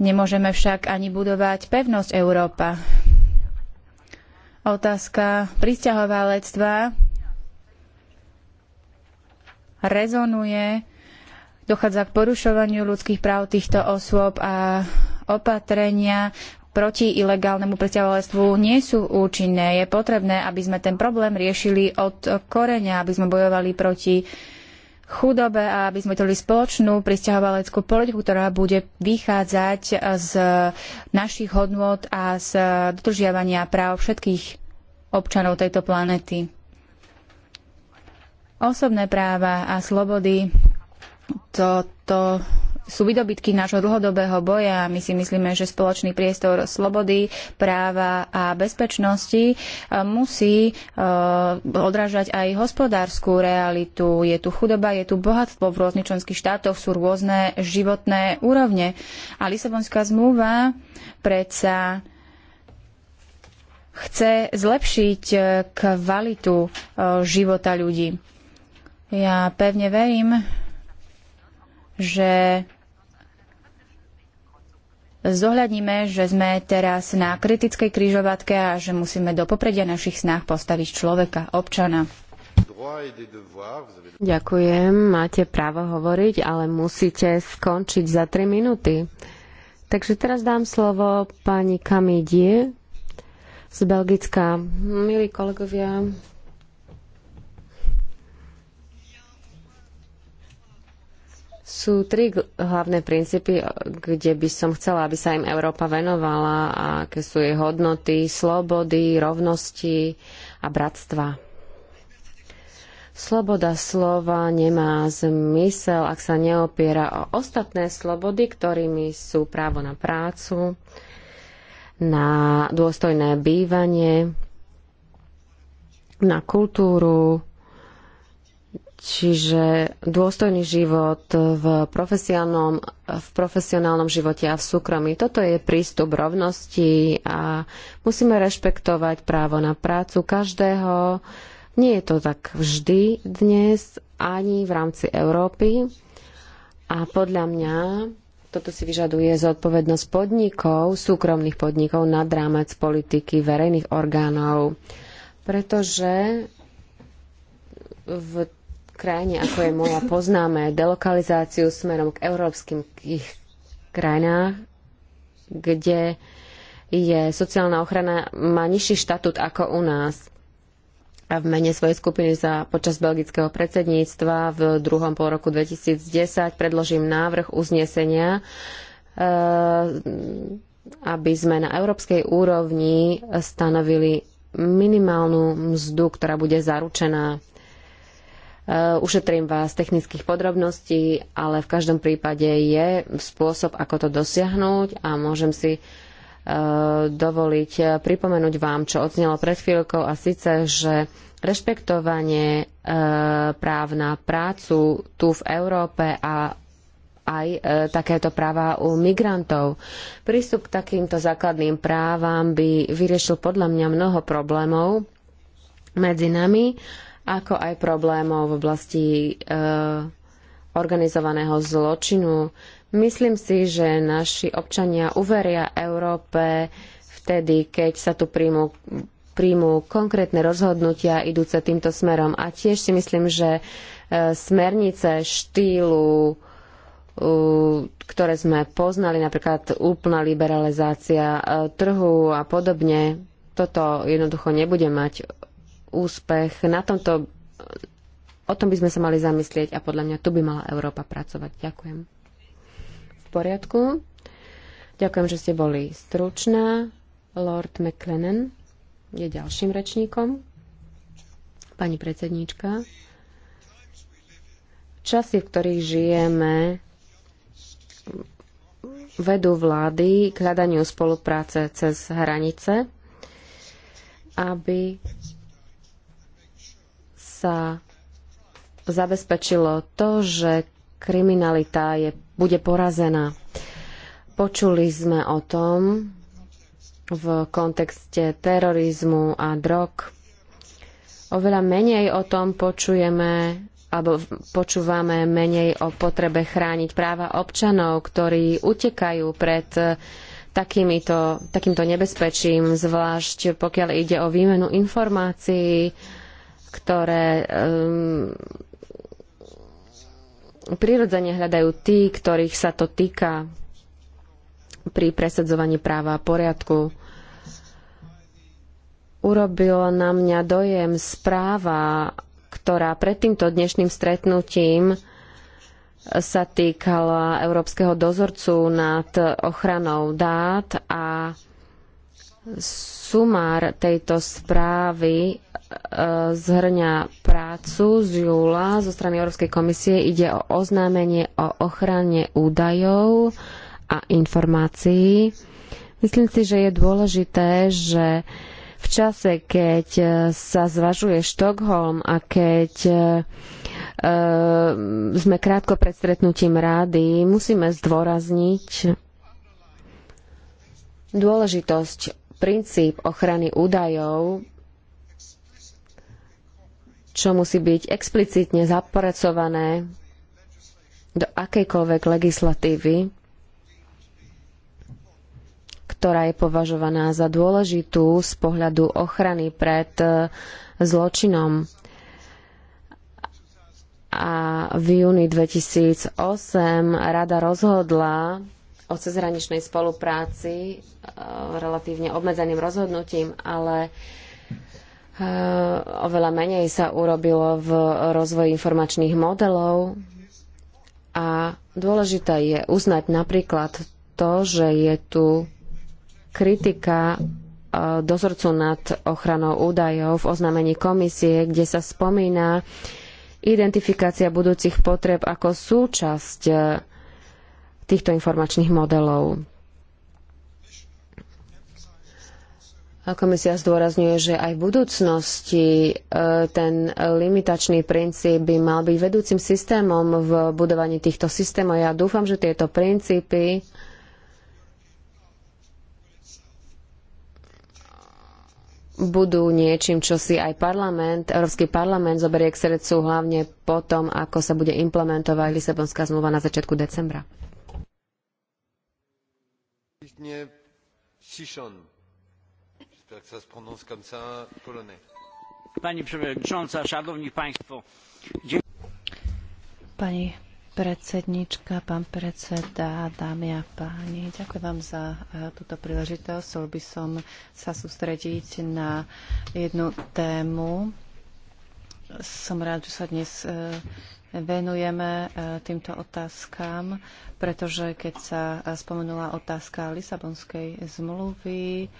Nemôžeme však ani budovať pevnosť Európa. Otázka pristahovalectva rezonuje, dochádza k porušovaniu ľudských práv týchto osôb a opatrenia proti ilegálnemu priťahovalectvu nie sú účinné. Je potrebné, aby sme ten problém riešili od koreňa, aby sme bojovali proti chudobe a aby sme tvorili spoločnú pristahovaleckú politiku, ktorá bude vychádzať z našich hodnôt a z dodržiavania práv všetkých občanov tejto planéty. Osobné práva a slobody, to sú vydobytky nášho dlhodobého boja. My si myslíme, že spoločný priestor slobody, práva a bezpečnosti e, musí e, odrážať aj hospodárskú realitu. Je tu chudoba, je tu bohatstvo v rôznych členských štátoch, sú rôzne životné úrovne. A Lisabonská zmluva predsa chce zlepšiť e, kvalitu života ľudí. Ja pevne verím, že zohľadníme, že sme teraz na kritickej kryžovatke a že musíme do popredia našich snách postaviť človeka, občana. Ďakujem, máte právo hovoriť, ale musíte skončiť za 3 minúty. Takže teraz dám slovo pani Kamidie z Belgická. Milí kolegovia, Sú tri hlavné princípy, kde by som chcela, aby sa im Európa venovala a aké sú jej hodnoty, slobody, rovnosti a bratstva. Sloboda slova nemá zmysel, ak sa neopiera o ostatné slobody, ktorými sú právo na prácu, na dôstojné bývanie, na kultúru, Čiže dôstojný život v profesionálnom, v profesionálnom živote a v súkromí. Toto je prístup rovnosti a musíme rešpektovať právo na prácu každého. Nie je to tak vždy dnes ani v rámci Európy. A podľa mňa toto si vyžaduje zodpovednosť podnikov, súkromných podnikov nad rámec politiky verejných orgánov. Pretože v krajine, ako je moja, poznáme delokalizáciu smerom k európskym krajinách, kde je sociálna ochrana má nižší štatút ako u nás. A v mene svojej skupiny za počas belgického predsedníctva v druhom pol roku 2010 predložím návrh uznesenia, eh, aby sme na európskej úrovni stanovili minimálnu mzdu, ktorá bude zaručená Uh, ušetrím vás technických podrobností, ale v každom prípade je spôsob, ako to dosiahnuť a môžem si uh, dovoliť uh, pripomenúť vám, čo odznelo pred chvíľkou a síce, že rešpektovanie práv na prácu tu v Európe a aj takéto práva u migrantov. Prístup k takýmto základným právam by vyriešil podľa mňa mnoho problémov medzi nami ako aj problémov v oblasti e, organizovaného zločinu. Myslím si, že naši občania uveria Európe vtedy, keď sa tu príjmu príjmu konkrétne rozhodnutia idúce týmto smerom. A tiež si myslím, že e, smernice štýlu, ktoré sme poznali, napríklad úplná liberalizácia e, trhu a podobne, toto jednoducho nebude mať úspech. Na tomto, o tom by sme sa mali zamyslieť a podľa mňa tu by mala Európa pracovať. Ďakujem. V poriadku. Ďakujem, že ste boli stručná. Lord McLennan je ďalším rečníkom. Pani predsedníčka. Časy, v ktorých žijeme, vedú vlády k hľadaniu spolupráce cez hranice, aby sa zabezpečilo to, že kriminalita je, bude porazená. Počuli sme o tom v kontexte terorizmu a drog. Oveľa menej o tom počujeme alebo počúvame menej o potrebe chrániť práva občanov, ktorí utekajú pred takýmito, takýmto nebezpečím, zvlášť pokiaľ ide o výmenu informácií, ktoré um, prirodzene hľadajú tí, ktorých sa to týka pri presadzovaní práva a poriadku. Urobilo na mňa dojem správa, ktorá pred týmto dnešným stretnutím sa týkala Európskeho dozorcu nad ochranou dát a sumár tejto správy E, zhrňa prácu z júla zo strany Európskej komisie. Ide o oznámenie o ochrane údajov a informácií. Myslím si, že je dôležité, že v čase, keď e, sa zvažuje Štokholm a keď e, e, sme krátko pred stretnutím rády, musíme zdôrazniť dôležitosť princíp ochrany údajov čo musí byť explicitne zapracované do akejkoľvek legislatívy, ktorá je považovaná za dôležitú z pohľadu ochrany pred e, zločinom. A v júni 2008 rada rozhodla o cezhraničnej spolupráci e, relatívne obmedzeným rozhodnutím, ale Eh, oveľa menej sa urobilo v rozvoji informačných modelov a dôležité je uznať napríklad to, že je tu kritika eh, dozorcu nad ochranou údajov v oznámení komisie, kde sa spomína identifikácia budúcich potreb ako súčasť eh, týchto informačných modelov. Komisia zdôrazňuje, že aj v budúcnosti e, ten limitačný princíp by mal byť vedúcim systémom v budovaní týchto systémov. Ja dúfam, že tieto princípy budú niečím, čo si aj parlament, Európsky parlament zoberie k srdcu, hlavne potom, ako sa bude implementovať Lisabonská zmluva na začiatku decembra. Pani predsedníčka pán predseda, dámy a páni, ďakujem vám za e, túto príležitosť. Chcel by som sa sústrediť na jednu tému. Som rád, že sa dnes e, venujeme e, týmto otázkam, pretože keď sa spomenula otázka Lisabonskej zmluvy,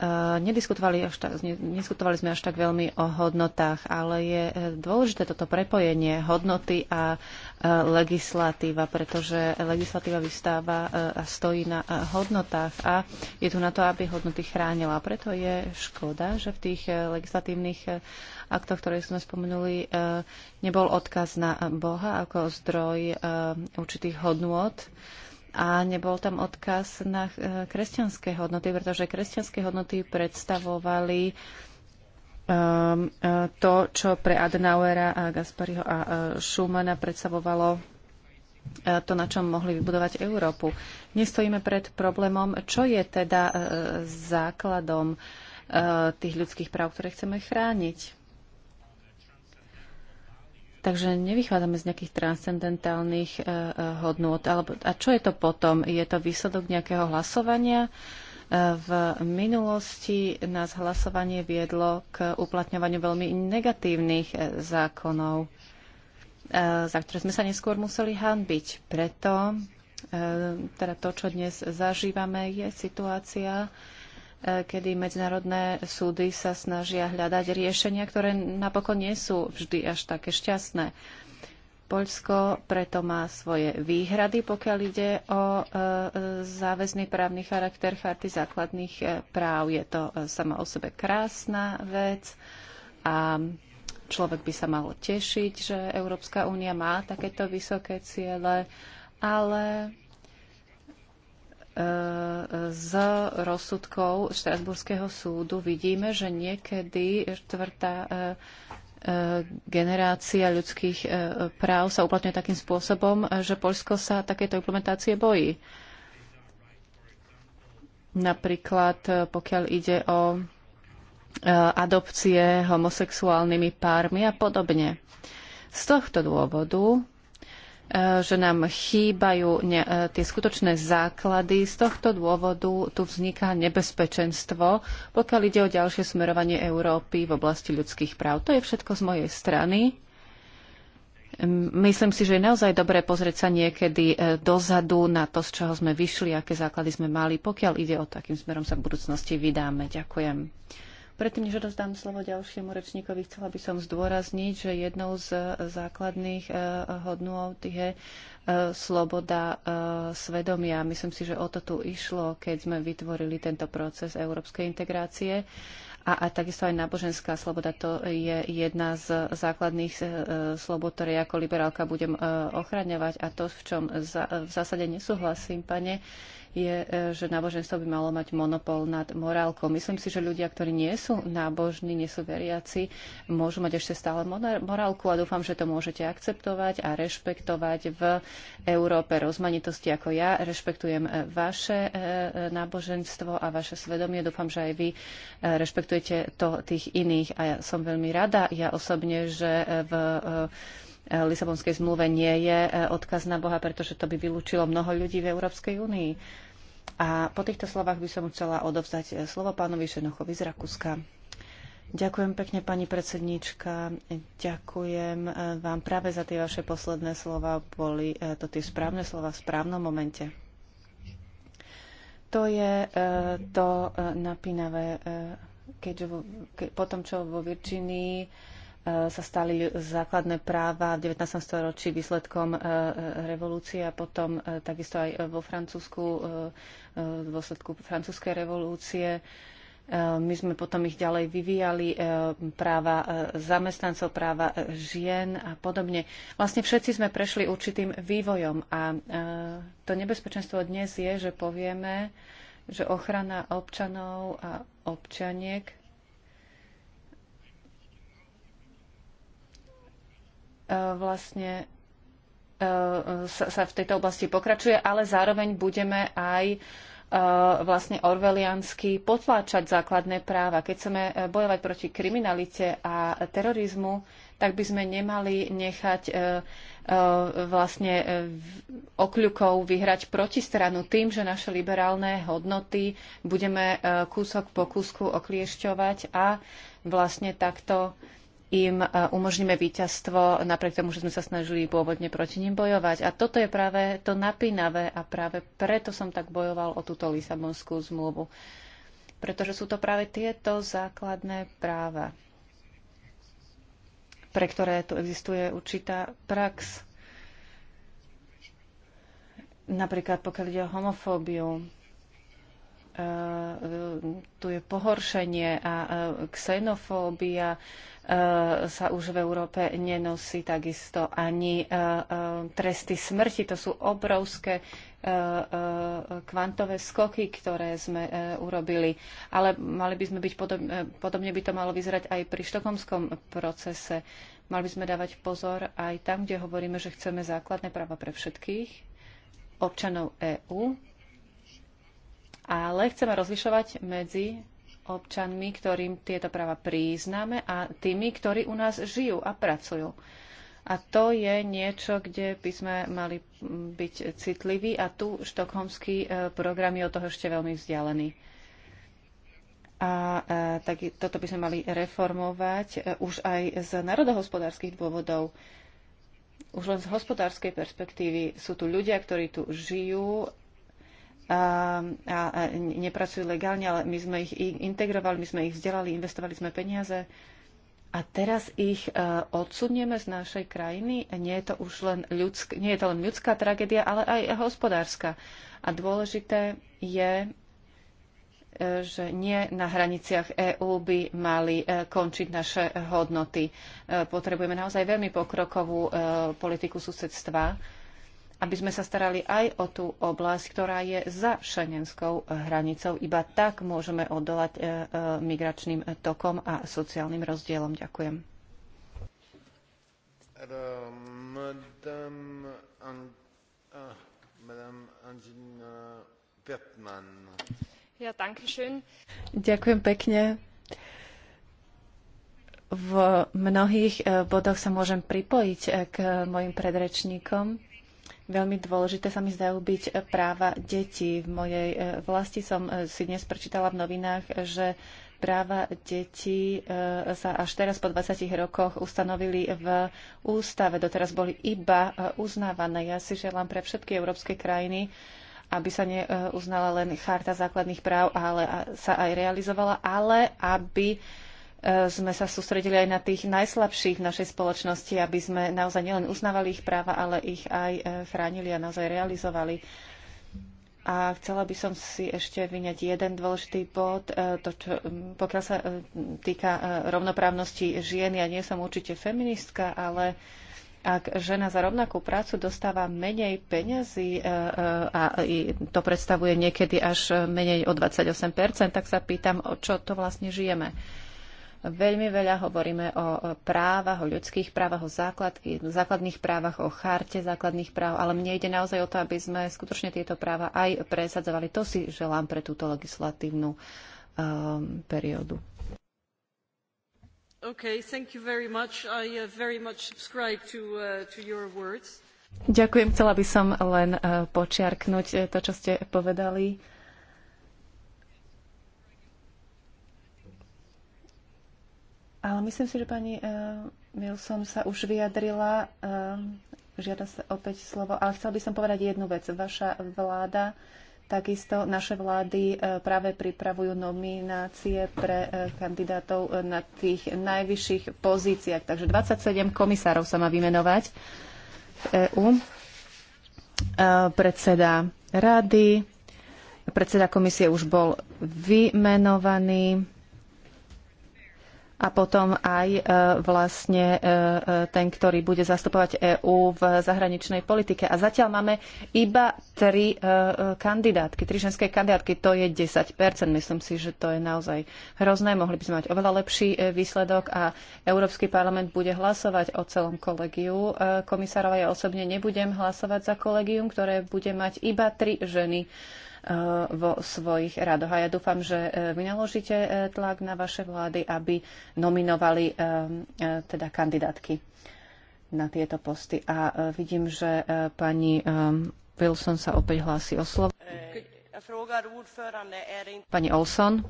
Eh, nediskutovali, až tak, nediskutovali sme až tak veľmi o hodnotách, ale je eh, dôležité toto prepojenie hodnoty a eh, legislatíva, pretože legislatíva vystáva a stojí na hodnotách a je tu na to, aby hodnoty chránila. Preto je škoda, že v tých legislatívnych aktoch, ktoré sme spomenuli, nebol odkaz na Boha ako zdroj určitých hodnôt a nebol tam odkaz na e, kresťanské hodnoty, pretože kresťanské hodnoty predstavovali um, e, to, čo pre Adenauera a Gaspariho a e, Schumana predstavovalo to, na čom mohli vybudovať Európu. Nestojíme pred problémom, čo je teda základom tých ľudských práv, ktoré chceme chrániť. Takže nevychádzame z nejakých transcendentálnych eh, eh, hodnôt. Alebo, a čo je to potom? Je to výsledok nejakého hlasovania? Eh, v minulosti nás hlasovanie viedlo k uplatňovaniu veľmi negatívnych zákonov, za ktoré sme sa neskôr museli hanbiť. Preto teda to, čo dnes zažívame, je situácia, kedy medzinárodné súdy sa snažia hľadať riešenia, ktoré napokon nie sú vždy až také šťastné. Poľsko preto má svoje výhrady, pokiaľ ide o e, záväzný právny charakter charty základných e, práv. Je to e, sama o sebe krásna vec a človek by sa mal tešiť, že Európska únia má takéto vysoké ciele, ale z rozsudkov Štrasburského súdu vidíme, že niekedy štvrtá e, e, generácia ľudských e, práv sa uplatňuje takým spôsobom, že Polsko sa takéto implementácie bojí. Napríklad pokiaľ ide o adopcie homosexuálnymi pármi a podobne. Z tohto dôvodu Eh, že nám chýbajú eh, tie skutočné základy. Z tohto dôvodu tu vzniká nebezpečenstvo, pokiaľ ide o ďalšie smerovanie Európy v oblasti ľudských práv. To je všetko z mojej strany. Myslím si, že je naozaj dobré pozrieť sa niekedy eh, dozadu na to, z čoho sme vyšli, aké základy sme mali, pokiaľ ide o takým smerom sa v budúcnosti vydáme. Ďakujem. Predtým, než rozdám slovo ďalšiemu rečníkovi, chcela by som zdôrazniť, že jednou z eh, základných eh, hodnôt je eh, sloboda svedomia. Myslím si, že o to tu išlo, keď sme vytvorili tento proces európskej integrácie. A, a takisto aj náboženská sloboda, to je jedna z základných e, slobod, ktoré ako liberálka budem e, ochraňovať. A to, v čom za, v zásade nesúhlasím, pane, je, e, že náboženstvo by malo mať monopol nad morálkou. Myslím si, že ľudia, ktorí nie sú nábožní, nie sú veriaci, môžu mať ešte stále morálku a dúfam, že to môžete akceptovať a rešpektovať v Európe rozmanitosti ako ja. Rešpektujem e, vaše e, náboženstvo a vaše svedomie. Dúfam, že aj vy rešpektujete to tých iných a ja som veľmi rada ja osobne, že v Lisabonskej zmluve nie je e, odkaz na Boha, pretože to by vylúčilo mnoho ľudí v Európskej únii. A po týchto slovách by som chcela odovzdať e, slovo pánovi Šenochovi z Rakúska. Ďakujem pekne, pani predsednička. Ďakujem e, vám práve za tie vaše posledné slova. Boli to tie správne slova v správnom momente. To je to napínavé, keďže po tom, čo vo Virčinii E, sa stali základné práva v 19. storočí výsledkom e, e, revolúcie a potom takisto aj vo Francúzsku v dôsledku francúzskej revolúcie. My sme potom ich ďalej vyvíjali, práva zamestnancov, práva žien a podobne. Vlastne všetci sme prešli určitým vývojom a to nebezpečenstvo dnes je, že povieme, že ochrana občanov a občaniek E, vlastne e, sa, sa v tejto oblasti pokračuje, ale zároveň budeme aj e, vlastne orveliansky potláčať základné práva. Keď chceme bojovať proti kriminalite a terorizmu, tak by sme nemali nechať vlastne okľukov vyhrať protistranu tým, že naše liberálne hodnoty budeme kúsok po kúsku okliešťovať a vlastne takto im e, umožníme víťazstvo, napriek tomu, že sme sa snažili pôvodne proti ním bojovať. A toto je práve to napínavé a práve preto som tak bojoval o túto Lisabonskú zmluvu. Pretože sú to práve tieto základné práva, pre ktoré tu existuje určitá prax. Napríklad pokiaľ ide o homofóbiu, E, e, tu je pohoršenie a e, xenofóbia sa už v Európe nenosí takisto ani tresty smrti. To sú obrovské kvantové skoky, ktoré sme urobili. Ale mali by sme byť podobne, podobne by to malo vyzerať aj pri štokomskom procese. Mali by sme dávať pozor aj tam, kde hovoríme, že chceme základné práva pre všetkých občanov EÚ, ale chceme rozlišovať medzi občanmi, ktorým tieto práva priznáme a tými, ktorí u nás žijú a pracujú. A to je niečo, kde by sme mali byť citliví a tu štokholmský e, program je od toho ešte veľmi vzdialený. A e, tak toto by sme mali reformovať e, už aj z národohospodárskych dôvodov. Už len z hospodárskej perspektívy sú tu ľudia, ktorí tu žijú a nepracujú legálne, ale my sme ich integrovali, my sme ich vzdelali, investovali sme peniaze. A teraz ich e, odsunieme z našej krajiny. Nie je to už len ľudsk- nie je to len ľudská tragédia, ale aj hospodárska. A dôležité je, e, že nie na hraniciach EÚ by mali e, končiť naše hodnoty. Potrebujeme naozaj veľmi pokrokovú politiku susedstva aby sme sa starali aj o tú oblasť, ktorá je za šengenskou hranicou. Iba tak môžeme odolať e, e, migračným tokom a sociálnym rozdielom. Ďakujem. Ja, Ďakujem pekne v mnohých e, bodoch sa môžem pripojiť k mojim predrečníkom. Veľmi dôležité sa mi zdajú byť práva detí. V mojej e, vlasti som e, si dnes prečítala v novinách, že práva detí e, sa až teraz po 20 rokoch ustanovili v ústave. Doteraz boli iba uznávané. Ja si želám pre všetky európske krajiny, aby sa neuznala len charta základných práv, ale sa aj realizovala, ale aby E, sme sa sústredili aj na tých najslabších v našej spoločnosti, aby sme naozaj nielen uznávali ich práva, ale ich aj e, chránili a naozaj realizovali. A chcela by som si ešte vyňať jeden dôležitý bod, e, to, čo, pokiaľ sa týka rovnoprávnosti žien. Ja nie som určite feministka, ale ak žena za rovnakú prácu dostáva menej peňazí a to predstavuje niekedy až menej o 28%, tak sa pýtam, o čo to vlastne žijeme. Veľmi veľa hovoríme o právach, o ľudských právach, o základ, základných právach, o charte základných práv, ale mne ide naozaj o to, aby sme skutočne tieto práva aj presadzovali. To si želám pre túto legislatívnu um, periódu. Okay, thank you very much. I uh, very much subscribe to, uh, to your words. Ďakujem, chcela by som len uh, počiarknúť uh, to, čo ste povedali Ale myslím si, že pani eh, Wilson sa už vyjadrila. Eh, žiada sa opäť slovo, ale chcel by som povedať jednu vec. Vaša vláda, takisto naše vlády eh, práve pripravujú nominácie pre kandidátov na tých najvyšších pozíciách. Takže 27 komisárov sa má vymenovať v e Uh, e, Predseda rady, predseda komisie už bol vymenovaný a potom aj e, vlastne e, e, ten, ktorý bude zastupovať EÚ v zahraničnej politike. A zatiaľ máme iba tri kandidátky, tri ženské kandidátky, to je 10%. Myslím si, že to je naozaj hrozné. Mohli by sme mať oveľa lepší výsledok a Európsky parlament bude hlasovať o celom kolegiu komisárov. Ja osobne nebudem hlasovať za kolegium, ktoré bude mať iba tri ženy Eh, vo svojich radoch. A ja dúfam, že eh, vy naložíte eh, tlak na vaše vlády, aby nominovali teda kandidátky na tieto posty. A vidím, že pani Wilson sa opäť hlási o slovo. Pani Olson.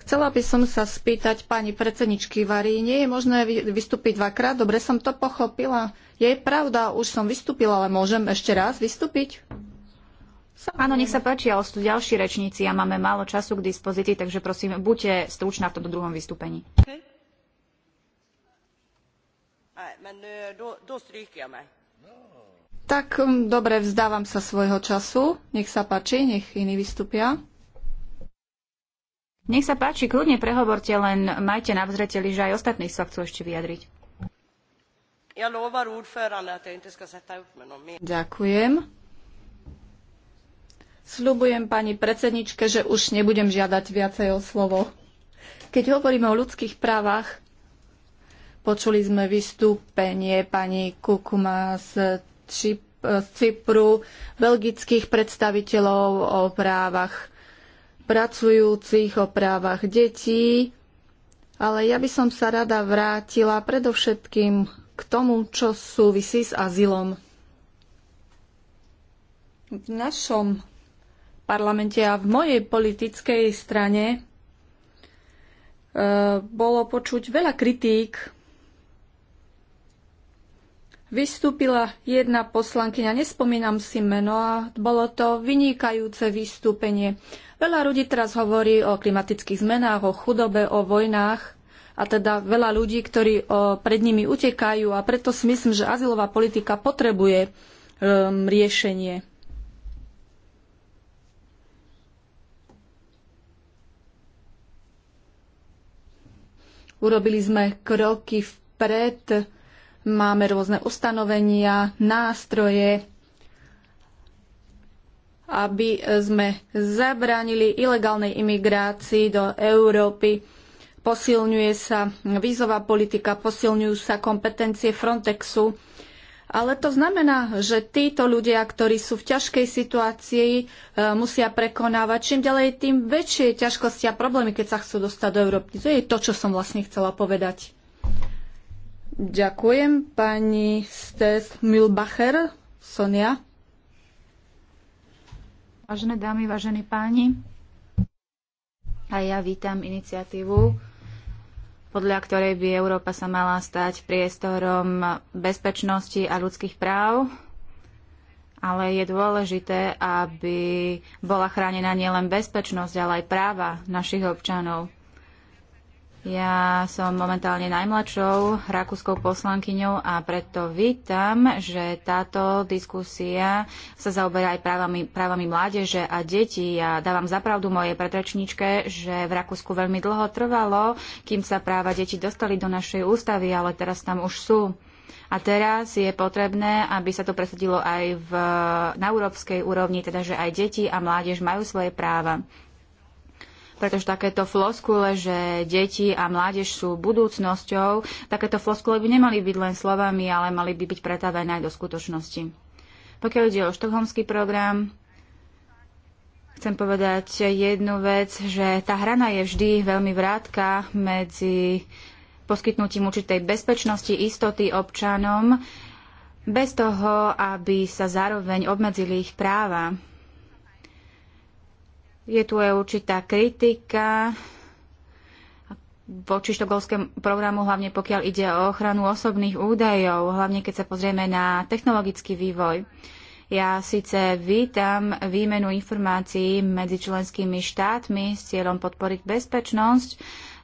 Chcela by som sa spýtať pani predsedničky Vary, nie je možné vystúpiť dvakrát? Dobre som to pochopila. Je pravda, už som vystúpila, ale môžem ešte raz vystúpiť? Áno, nech sa páči, ale sú ďalší rečníci a máme málo času k dispozícii, takže prosím, buďte stručná v tomto druhom vystúpení. Eh, tak mm, dobre, vzdávam sa svojho času. Nech sa páči, nech iní vystúpia. Nech sa páči, kľudne prehovorte, len majte na vzreteli, že aj ostatní sa chcú ešte vyjadriť. Ďakujem. Sľubujem pani predsedničke, že už nebudem žiadať viacej o slovo. Keď hovoríme o ľudských právach, počuli sme vystúpenie pani Kukuma z, Čip, z Cypru, belgických predstaviteľov o právach pracujúcich, o právach detí, ale ja by som sa rada vrátila predovšetkým k tomu, čo súvisí s azylom. V našom parlamente a v mojej politickej strane e, bolo počuť veľa kritík. Vystúpila jedna poslankyňa, nespomínam si meno, a bolo to vynikajúce vystúpenie. Veľa ľudí teraz hovorí o klimatických zmenách, o chudobe, o vojnách a teda veľa ľudí, ktorí pred nimi utekajú a preto si myslím, že azylová politika potrebuje um, riešenie. Urobili sme kroky vpred, máme rôzne ustanovenia, nástroje, aby sme zabránili ilegálnej imigrácii do Európy. Posilňuje sa vízová politika, posilňujú sa kompetencie Frontexu ale to znamená, že títo ľudia, ktorí sú v ťažkej situácii, e, musia prekonávať čím ďalej, tým väčšie ťažkosti a problémy, keď sa chcú dostať do Európy. To je to, čo som vlastne chcela povedať. Ďakujem pani Stes Milbacher, Sonia. Vážené dámy, vážení páni, a ja vítam iniciatívu podľa ktorej by Európa sa mala stať priestorom bezpečnosti a ľudských práv, ale je dôležité, aby bola chránená nielen bezpečnosť, ale aj práva našich občanov. Ja som momentálne najmladšou rakúskou poslankyňou a preto vítam, že táto diskusia sa zaoberá aj právami, právami mládeže a detí. Ja dávam zapravdu mojej predrečníčke, že v Rakúsku veľmi dlho trvalo, kým sa práva detí dostali do našej ústavy, ale teraz tam už sú. A teraz je potrebné, aby sa to presadilo aj v, na európskej úrovni, teda že aj deti a mládež majú svoje práva pretože takéto floskule, že deti a mládež sú budúcnosťou, takéto floskule by nemali byť len slovami, ale mali by byť pretavené aj do skutočnosti. Pokiaľ ide o štokholmský program, chcem povedať jednu vec, že tá hrana je vždy veľmi vrátka medzi poskytnutím určitej bezpečnosti, istoty občanom, bez toho, aby sa zároveň obmedzili ich práva. Je tu aj určitá kritika voči štokholskému programu, hlavne pokiaľ ide o ochranu osobných údajov, hlavne keď sa pozrieme na technologický vývoj. Ja síce vítam výmenu informácií medzi členskými štátmi s cieľom podporiť bezpečnosť,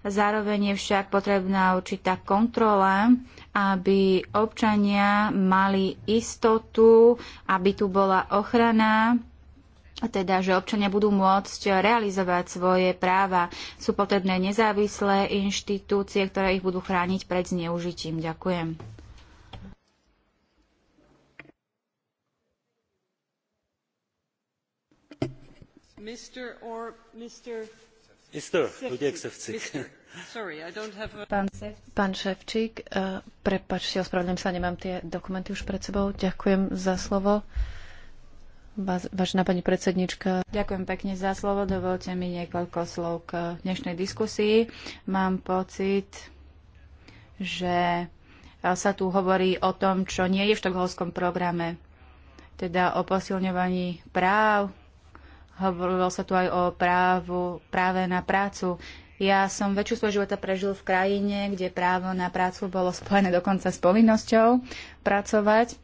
zároveň je však potrebná určitá kontrola, aby občania mali istotu, aby tu bola ochrana teda, že občania budú môcť realizovať svoje práva. Sú potrebné nezávislé inštitúcie, ktoré ich budú chrániť pred zneužitím. Ďakujem. sa Pán, Ševčík, eh, prepačte, ospravedlňujem sa, nemám tie dokumenty už pred sebou. Ďakujem za slovo. Uh, Vážená pani predsednička. Ďakujem pekne za slovo. Dovolte mi niekoľko slov k dnešnej diskusii. Mám pocit, že sa tu hovorí o tom, čo nie je v štokholskom programe, teda o posilňovaní práv. Hovorilo sa tu aj o právu, práve na prácu. Ja som väčšiu svoj života prežil v krajine, kde právo na prácu bolo spojené dokonca s povinnosťou pracovať.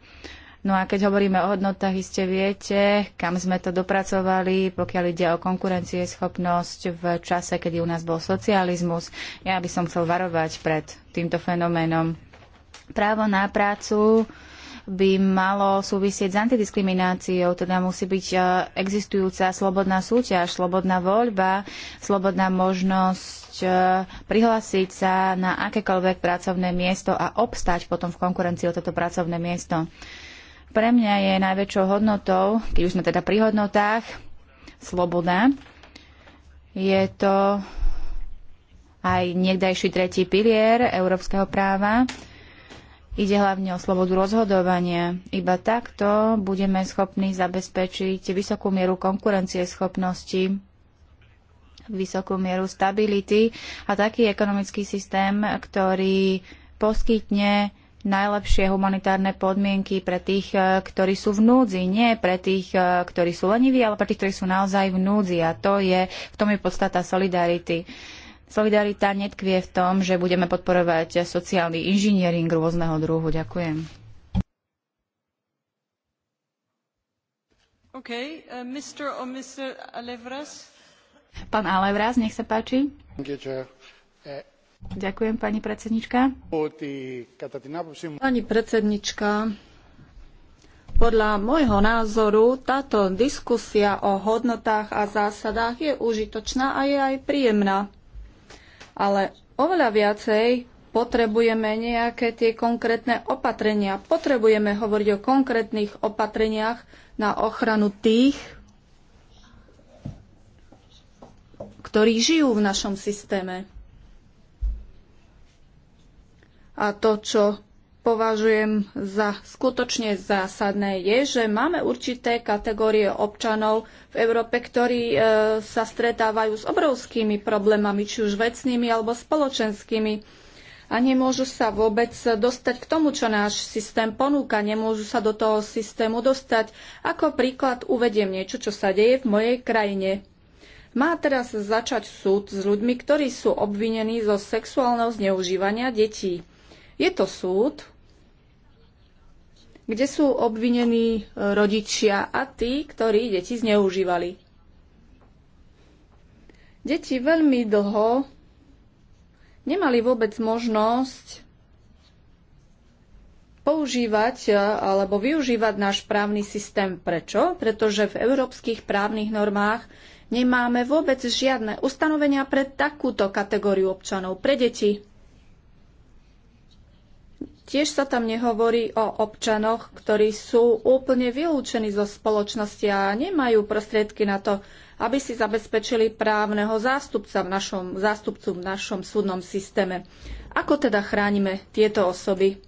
No a keď hovoríme o hodnotách, iste viete, kam sme to dopracovali, pokiaľ ide o konkurencieschopnosť v čase, kedy u nás bol socializmus. Ja by som chcel varovať pred týmto fenoménom. Právo na prácu by malo súvisieť s antidiskrimináciou, teda musí byť e, existujúca slobodná súťaž, slobodná voľba, slobodná možnosť e, prihlásiť sa na akékoľvek pracovné miesto a obstať potom v konkurencii o toto pracovné miesto. Pre mňa je najväčšou hodnotou, keď už sme teda pri hodnotách, sloboda. Je to aj niekdajší tretí pilier európskeho práva. Ide hlavne o slobodu rozhodovania. Iba takto budeme schopní zabezpečiť vysokú mieru konkurencieschopnosti, vysokú mieru stability a taký ekonomický systém, ktorý poskytne najlepšie humanitárne podmienky pre tých, e, ktorí sú v núdzi, nie pre tých, e, ktorí sú leniví, ale pre tých, ktorí sú naozaj v núdzi. A to je, v tom je podstata solidarity. Solidarita netkvie v tom, že budeme podporovať sociálny inžiniering rôzneho druhu. Ďakujem. Okay, uh, Mr. or Mr. Alevras? Pán Alevras, nech sa páči. Thank you, uh, Ďakujem, pani predsednička. Pani predsednička, podľa môjho názoru táto diskusia o hodnotách a zásadách je užitočná a je aj príjemná. Ale oveľa viacej potrebujeme nejaké tie konkrétne opatrenia. Potrebujeme hovoriť o konkrétnych opatreniach na ochranu tých, ktorí žijú v našom systéme. A to, čo považujem za skutočne zásadné, je, že máme určité kategórie občanov v Európe, ktorí e, sa stretávajú s obrovskými problémami, či už vecnými alebo spoločenskými. A nemôžu sa vôbec dostať k tomu, čo náš systém ponúka. Nemôžu sa do toho systému dostať. Ako príklad uvediem niečo, čo sa deje v mojej krajine. Má teraz začať súd s ľuďmi, ktorí sú obvinení zo sexuálneho zneužívania detí. Je to súd, kde sú obvinení e, rodičia a tí, ktorí deti zneužívali. Deti veľmi dlho nemali vôbec možnosť používať e, alebo využívať náš právny systém. Prečo? Pretože v európskych právnych normách nemáme vôbec žiadne ustanovenia pre takúto kategóriu občanov, pre deti. Tiež sa tam nehovorí o občanoch, ktorí sú úplne vylúčení zo spoločnosti a nemajú prostriedky na to, aby si zabezpečili právneho zástupca v našom, zástupcu v našom súdnom systéme. Ako teda chránime tieto osoby?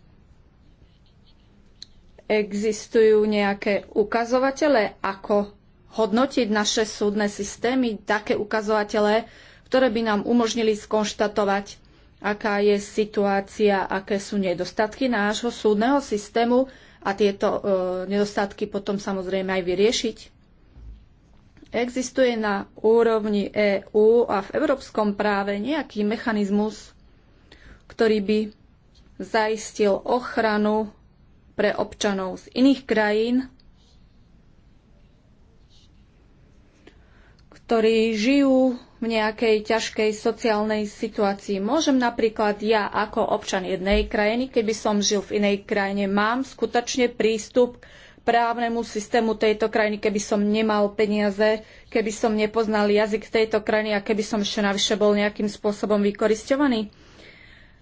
Existujú nejaké ukazovatele, ako hodnotiť naše súdne systémy, také ukazovatele, ktoré by nám umožnili skonštatovať, aká je situácia, aké sú nedostatky nášho súdneho systému a tieto e, nedostatky potom samozrejme aj vyriešiť. Existuje na úrovni EÚ a v európskom práve nejaký mechanizmus, ktorý by zaistil ochranu pre občanov z iných krajín, ktorí žijú v nejakej ťažkej sociálnej situácii. Môžem napríklad ja ako občan jednej krajiny, keby som žil v inej krajine, mám skutočne prístup k právnemu systému tejto krajiny, keby som nemal peniaze, keby som nepoznal jazyk tejto krajiny a keby som ešte navyše bol nejakým spôsobom vykoristovaný.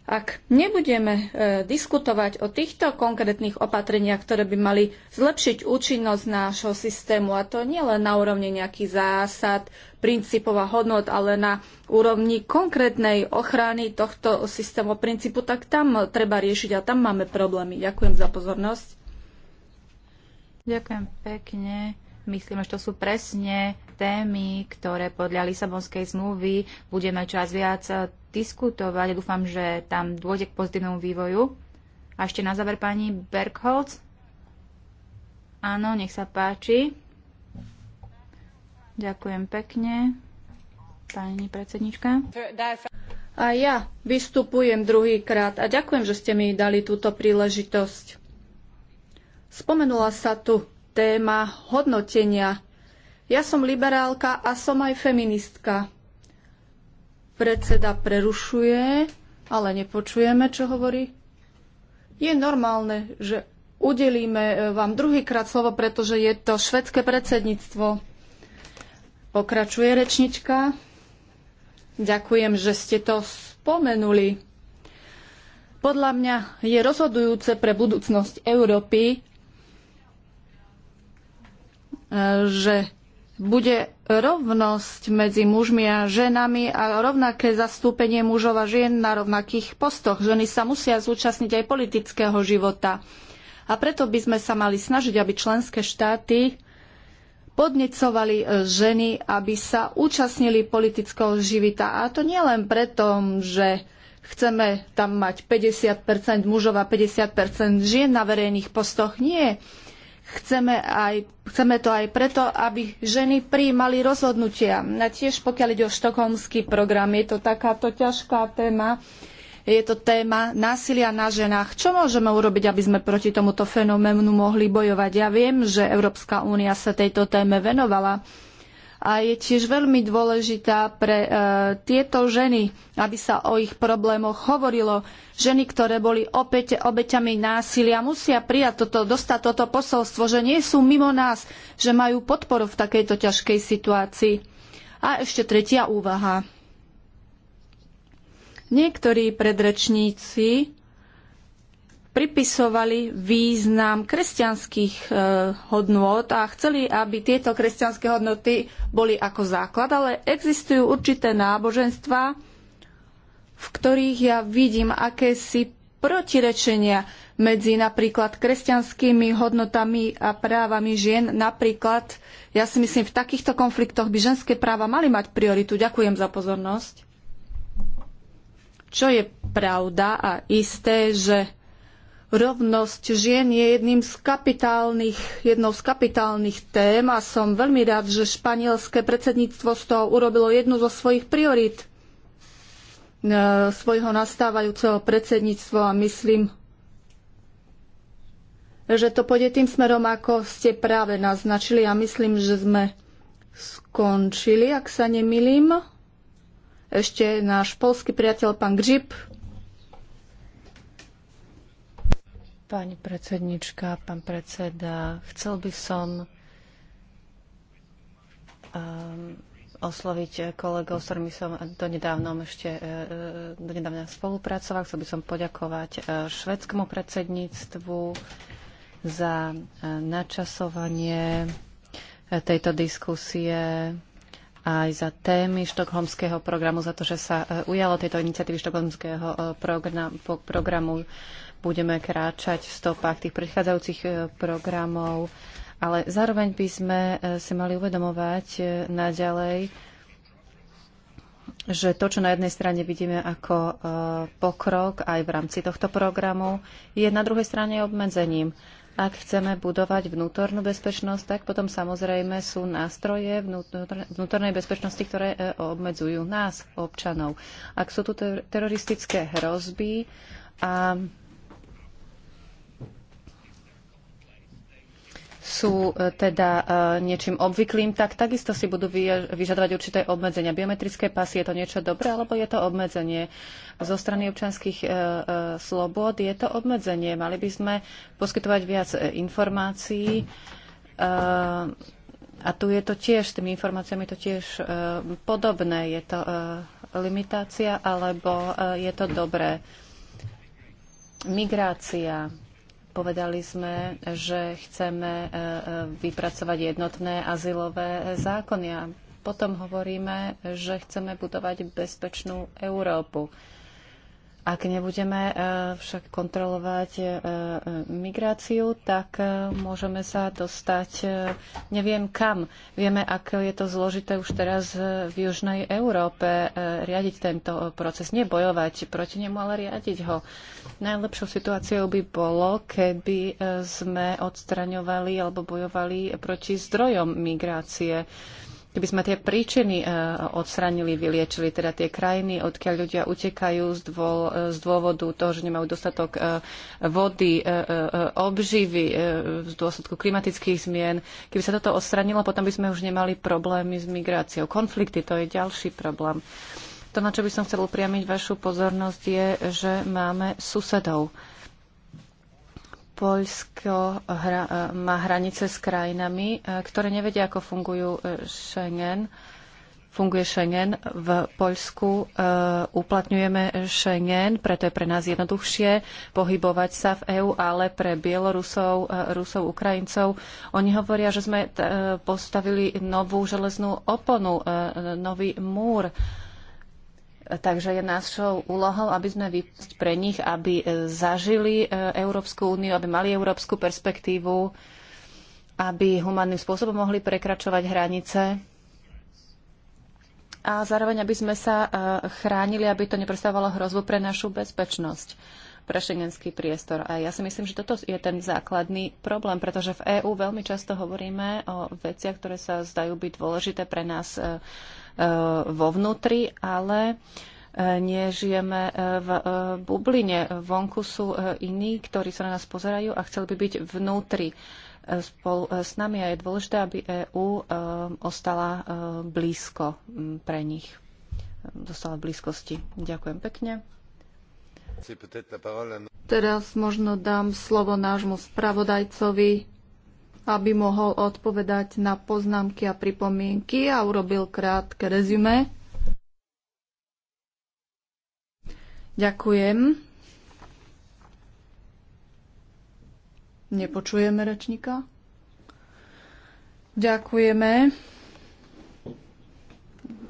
Ak nebudeme e, diskutovať o týchto konkrétnych opatreniach, ktoré by mali zlepšiť účinnosť nášho systému, a to nielen na úrovni nejakých zásad, princípov a hodnot, ale na úrovni konkrétnej ochrany tohto systému princípu, tak tam treba riešiť a tam máme problémy. Ďakujem za pozornosť. Ďakujem pekne. Myslím, že to sú presne témy, ktoré podľa Lisabonskej zmluvy budeme čas viac diskutovať. Dúfam, že tam dôjde k pozitívnemu vývoju. A ešte na záver pani Bergholz. Áno, nech sa páči. Ďakujem pekne, pani predsednička. A ja vystupujem druhýkrát a ďakujem, že ste mi dali túto príležitosť. Spomenula sa tu téma hodnotenia. Ja som liberálka a som aj feministka. Predseda prerušuje, ale nepočujeme, čo hovorí. Je normálne, že udelíme eh, vám druhýkrát slovo, pretože je to švedské predsedníctvo. Pokračuje rečnička. Ďakujem, že ste to spomenuli. Podľa mňa je rozhodujúce pre budúcnosť Európy, e, že bude rovnosť medzi mužmi a ženami a rovnaké zastúpenie mužov a žien na rovnakých postoch. Ženy sa musia zúčastniť aj politického života. A preto by sme sa mali snažiť, aby členské štáty podnecovali e, ženy, aby sa účastnili politického života. A to nielen preto, že chceme tam mať 50 mužov a 50 žien na verejných postoch. Nie. Chceme, aj, chceme to aj preto, aby ženy prijímali rozhodnutia. A tiež pokiaľ ide o štokholmský program, je to takáto ťažká téma je to téma násilia na ženách. Čo môžeme urobiť, aby sme proti tomuto fenoménu mohli bojovať? Ja viem, že Európska únia sa tejto téme venovala a je tiež veľmi dôležitá pre e, tieto ženy, aby sa o ich problémoch hovorilo. Ženy, ktoré boli opäť obeťami násilia, musia prijať toto, dostať toto posolstvo, že nie sú mimo nás, že majú podporu v takejto ťažkej situácii. A ešte tretia úvaha. Niektorí predrečníci pripisovali význam kresťanských e, hodnôt a chceli, aby tieto kresťanské hodnoty boli ako základ, ale existujú určité náboženstva, v ktorých ja vidím akési protirečenia medzi napríklad kresťanskými hodnotami a právami žien. Napríklad, ja si myslím, v takýchto konfliktoch by ženské práva mali mať prioritu. Ďakujem za pozornosť. Čo je pravda a isté, že Rovnosť žien je jedným z kapitálnych, jednou z kapitálnych tém a som veľmi rád, že španielské predsedníctvo z toho urobilo jednu zo svojich priorít e, svojho nastávajúceho predsedníctva a myslím, že to pôjde tým smerom, ako ste práve naznačili a myslím, že sme skončili, ak sa nemilím ešte náš polský priateľ pán Gžip. Pani predsednička, pán predseda, chcel by som um, osloviť kolegov, s ktorými som donedávnom ešte e, e, donedávna spolupracoval. Chcel by som poďakovať e, švedskému predsedníctvu za načasovanie tejto diskusie aj za témy štokholmského programu, za to, že sa e, ujalo tejto iniciatívy štokholmského e, programu. Budeme kráčať v stopách tých predchádzajúcich e, programov, ale zároveň by sme si mali uvedomovať naďalej, že to, čo na jednej strane vidíme ako pokrok aj v rámci tohto programu, je na druhej strane obmedzením. Ak chceme budovať vnútornú bezpečnosť, tak potom samozrejme sú nástroje vnútornej bezpečnosti, ktoré e, obmedzujú nás, občanov. Ak sú tu teroristické hrozby a sú e, teda e, niečím obvyklým, tak takisto si budú vyžadovať určité obmedzenia. Biometrické pasy, je to niečo dobré, alebo je to obmedzenie? Zo strany občanských e, slobod je to obmedzenie. Mali by sme poskytovať viac informácií. A tu je to tiež, s tými informáciami je to tiež podobné. Je to limitácia, alebo je to dobré? Migrácia Povedali sme, že chceme e, e, vypracovať jednotné azylové zákony a potom hovoríme, že chceme budovať bezpečnú Európu. Ak nebudeme e, však kontrolovať e, e, migráciu, tak môžeme sa dostať neviem kam. Vieme, ako je to zložité už teraz v Južnej Európe riadiť tento proces. Nebojovať proti nemu, ale riadiť ho. Najlepšou situáciou by bolo, keby sme odstraňovali alebo bojovali proti zdrojom migrácie keby sme tie príčiny e, odstranili, vyliečili, teda tie krajiny, odkiaľ ľudia utekajú z, e, z dôvodu toho, že nemajú dostatok e, vody, obživy v dôsledku klimatických zmien. Keby sa toto odstranilo, potom by sme už nemali problémy s migráciou. Konflikty, to je ďalší problém. To, na čo by som chcel upriamiť vašu pozornosť, je, že máme susedov Polsko hra, e, má hranice s krajinami, e, ktoré nevedia, ako fungujú e, Schengen. Funguje Schengen. V Poľsku uplatňujeme Schengen, preto je pre nás jednoduchšie pohybovať sa v EÚ, ale pre Bielorusov, Rusov, Ukrajincov, oni hovoria, že sme postavili novú železnú oponu, nový múr Takže je našou úlohou, aby sme pre nich, aby e, zažili e, Európsku úniu, aby mali európsku perspektívu, aby humanným spôsobom mohli prekračovať hranice a zároveň, aby sme sa e, chránili, aby to nepredstavovalo hrozbu pre našu bezpečnosť pre šengenský priestor. A ja si myslím, že toto je ten základný problém, pretože v EÚ veľmi často hovoríme o veciach, ktoré sa zdajú byť dôležité pre nás vo vnútri, ale e, nežijeme e, v e, bubline. Vonku sú iní, ktorí sa na nás pozerajú a chceli by byť vnútri spolu s nami a je dôležité, aby EÚ ostala blízko pre nich. Dostala blízkosti. Ďakujem pekne. Teraz možno dám slovo nášmu spravodajcovi aby mohol odpovedať na poznámky a pripomienky a urobil krátke rezume. Ďakujem. Nepočujeme rečníka. Ďakujeme.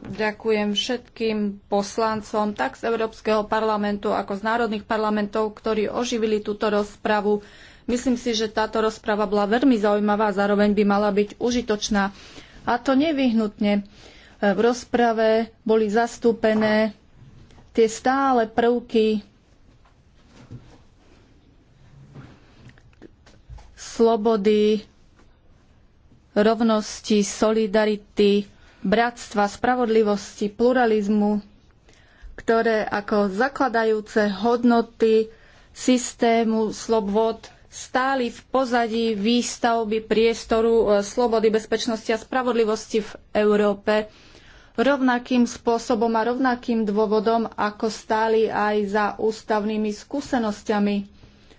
Ďakujem všetkým poslancom tak z Európskeho parlamentu ako z národných parlamentov, ktorí oživili túto rozpravu Myslím si, že táto rozprava bola veľmi zaujímavá a zároveň by mala byť užitočná. A to nevyhnutne. E, v rozprave boli zastúpené tie stále prvky slobody, rovnosti, solidarity, bratstva, spravodlivosti, pluralizmu, ktoré ako zakladajúce hodnoty systému slobod stáli v pozadí výstavby priestoru e, slobody, bezpečnosti a spravodlivosti v Európe rovnakým spôsobom a rovnakým dôvodom, ako stáli aj za ústavnými skúsenosťami,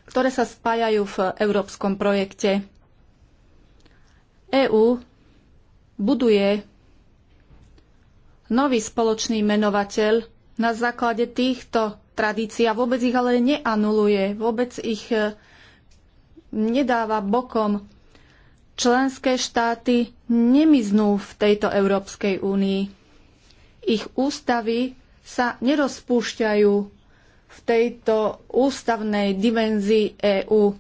ktoré sa spájajú v európskom projekte. EÚ buduje nový spoločný menovateľ na základe týchto tradícií a vôbec ich ale neanuluje, vôbec ich e, nedáva bokom. Členské štáty nemiznú v tejto Európskej únii. Ich ústavy sa nerozpúšťajú v tejto ústavnej dimenzii EÚ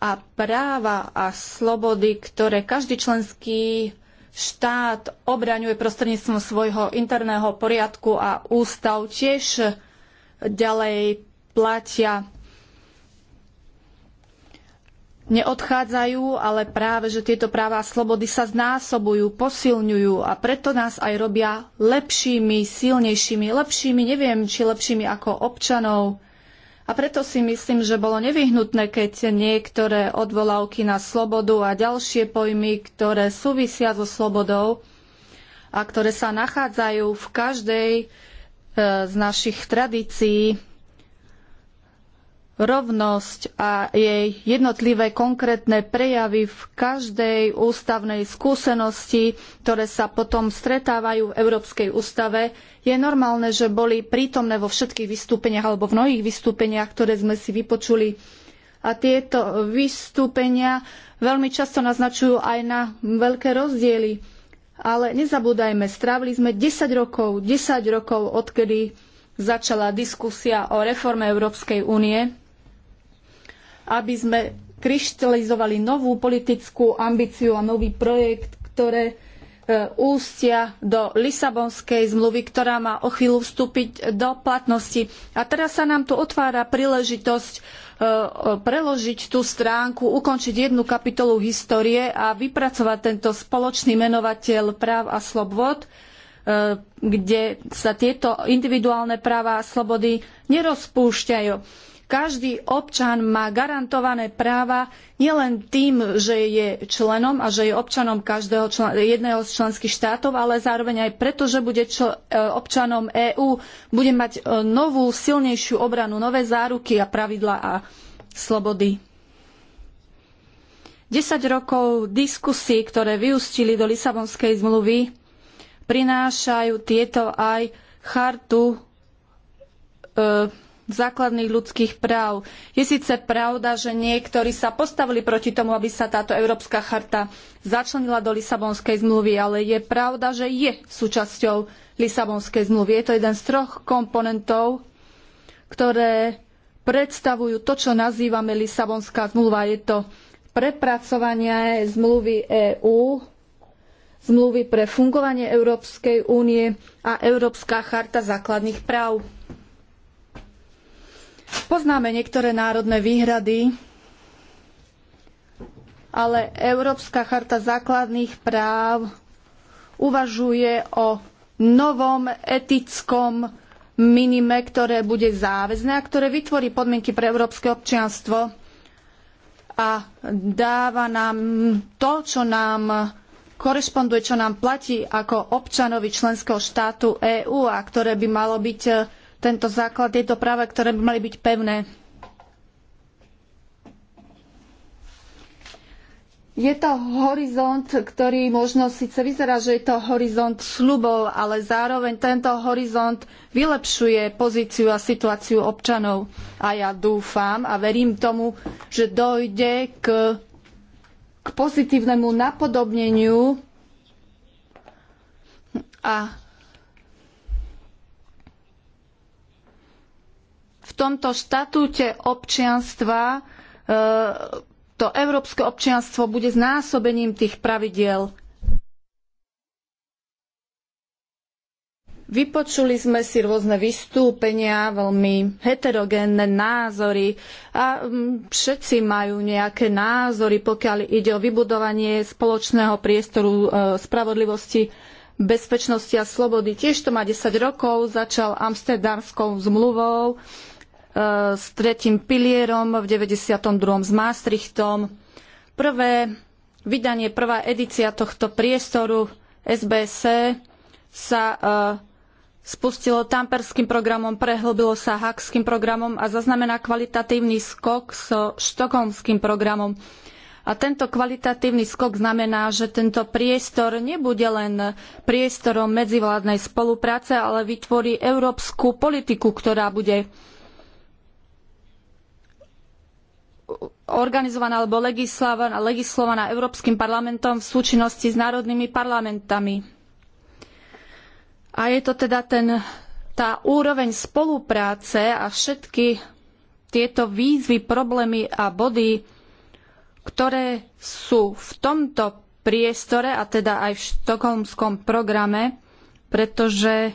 a práva a slobody, ktoré každý členský štát obraňuje prostredníctvom svojho interného poriadku a ústav tiež ďalej platia neodchádzajú, ale práve, že tieto práva a slobody sa znásobujú, posilňujú a preto nás aj robia lepšími, silnejšími, lepšími, neviem, či lepšími ako občanov. A preto si myslím, že bolo nevyhnutné, keď niektoré odvolávky na slobodu a ďalšie pojmy, ktoré súvisia so slobodou a ktoré sa nachádzajú v každej e, z našich tradícií rovnosť a jej jednotlivé konkrétne prejavy v každej ústavnej skúsenosti, ktoré sa potom stretávajú v Európskej ústave, je normálne, že boli prítomné vo všetkých vystúpeniach alebo v mnohých vystúpeniach, ktoré sme si vypočuli. A tieto vystúpenia veľmi často naznačujú aj na veľké rozdiely. Ale nezabúdajme, strávili sme 10 rokov, 10 rokov, odkedy začala diskusia o reforme Európskej únie aby sme kryštalizovali novú politickú ambíciu a nový projekt, ktoré e, ústia do Lisabonskej zmluvy, ktorá má o chvíľu vstúpiť do platnosti. A teraz sa nám tu otvára príležitosť e, preložiť tú stránku, ukončiť jednu kapitolu histórie a vypracovať tento spoločný menovateľ práv a slobod, e, kde sa tieto individuálne práva a slobody nerozpúšťajú každý občan má garantované práva nielen tým, že je členom a že je občanom každého jedného z členských štátov, ale zároveň aj preto, že bude čl, e, občanom EÚ, bude mať e, novú, silnejšiu obranu, nové záruky a pravidlá a slobody. 10 rokov diskusí, ktoré vyústili do Lisabonskej zmluvy, prinášajú tieto aj chartu e, základných ľudských práv. Je síce pravda, že niektorí sa postavili proti tomu, aby sa táto Európska charta začlenila do Lisabonskej zmluvy, ale je pravda, že je súčasťou Lisabonskej zmluvy. Je to jeden z troch komponentov, ktoré predstavujú to, čo nazývame Lisabonská zmluva. Je to prepracovanie zmluvy EÚ, zmluvy pre fungovanie Európskej únie a Európska charta základných práv. Poznáme niektoré národné výhrady, ale Európska charta základných práv uvažuje o novom etickom minime, ktoré bude záväzné a ktoré vytvorí podmienky pre európske občianstvo a dáva nám to, čo nám korešponduje, čo nám platí ako občanovi členského štátu EÚ a ktoré by malo byť tento základ, je to práve, ktoré by mali byť pevné. Je to horizont, ktorý možno síce vyzerá, že je to horizont slubov, ale zároveň tento horizont vylepšuje pozíciu a situáciu občanov. A ja dúfam a verím tomu, že dojde k, k pozitívnemu napodobneniu a tomto štatúte občianstva e, to európske občianstvo bude znásobením tých pravidiel. Vypočuli sme si rôzne vystúpenia, veľmi heterogénne názory a mm, všetci majú nejaké názory, pokiaľ ide o vybudovanie spoločného priestoru e, spravodlivosti, bezpečnosti a slobody. Tiež to má 10 rokov, začal Amsterdamskou zmluvou E, s tretím pilierom v 92. s Maastrichtom. Prvé vydanie, prvá edícia tohto priestoru SBC sa e, spustilo tamperským programom, prehlbilo sa hakským programom a zaznamená kvalitatívny skok so štokholmským programom. A tento kvalitatívny skok znamená, že tento priestor nebude len priestorom medzivládnej spolupráce, ale vytvorí európsku politiku, ktorá bude organizovaná alebo legislovaná, legislovaná Európskym parlamentom v súčinnosti s národnými parlamentami. A je to teda ten, tá úroveň spolupráce a všetky tieto výzvy, problémy a body, ktoré sú v tomto priestore a teda aj v štokholmskom programe, pretože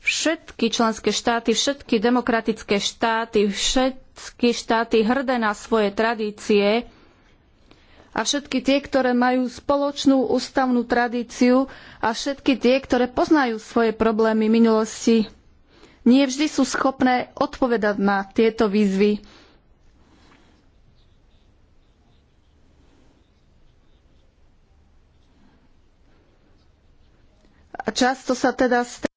všetky členské štáty, všetky demokratické štáty, všetky štáty hrdé na svoje tradície a všetky tie, ktoré majú spoločnú ústavnú tradíciu a všetky tie, ktoré poznajú svoje problémy minulosti, nie vždy sú schopné odpovedať na tieto výzvy. A často sa teda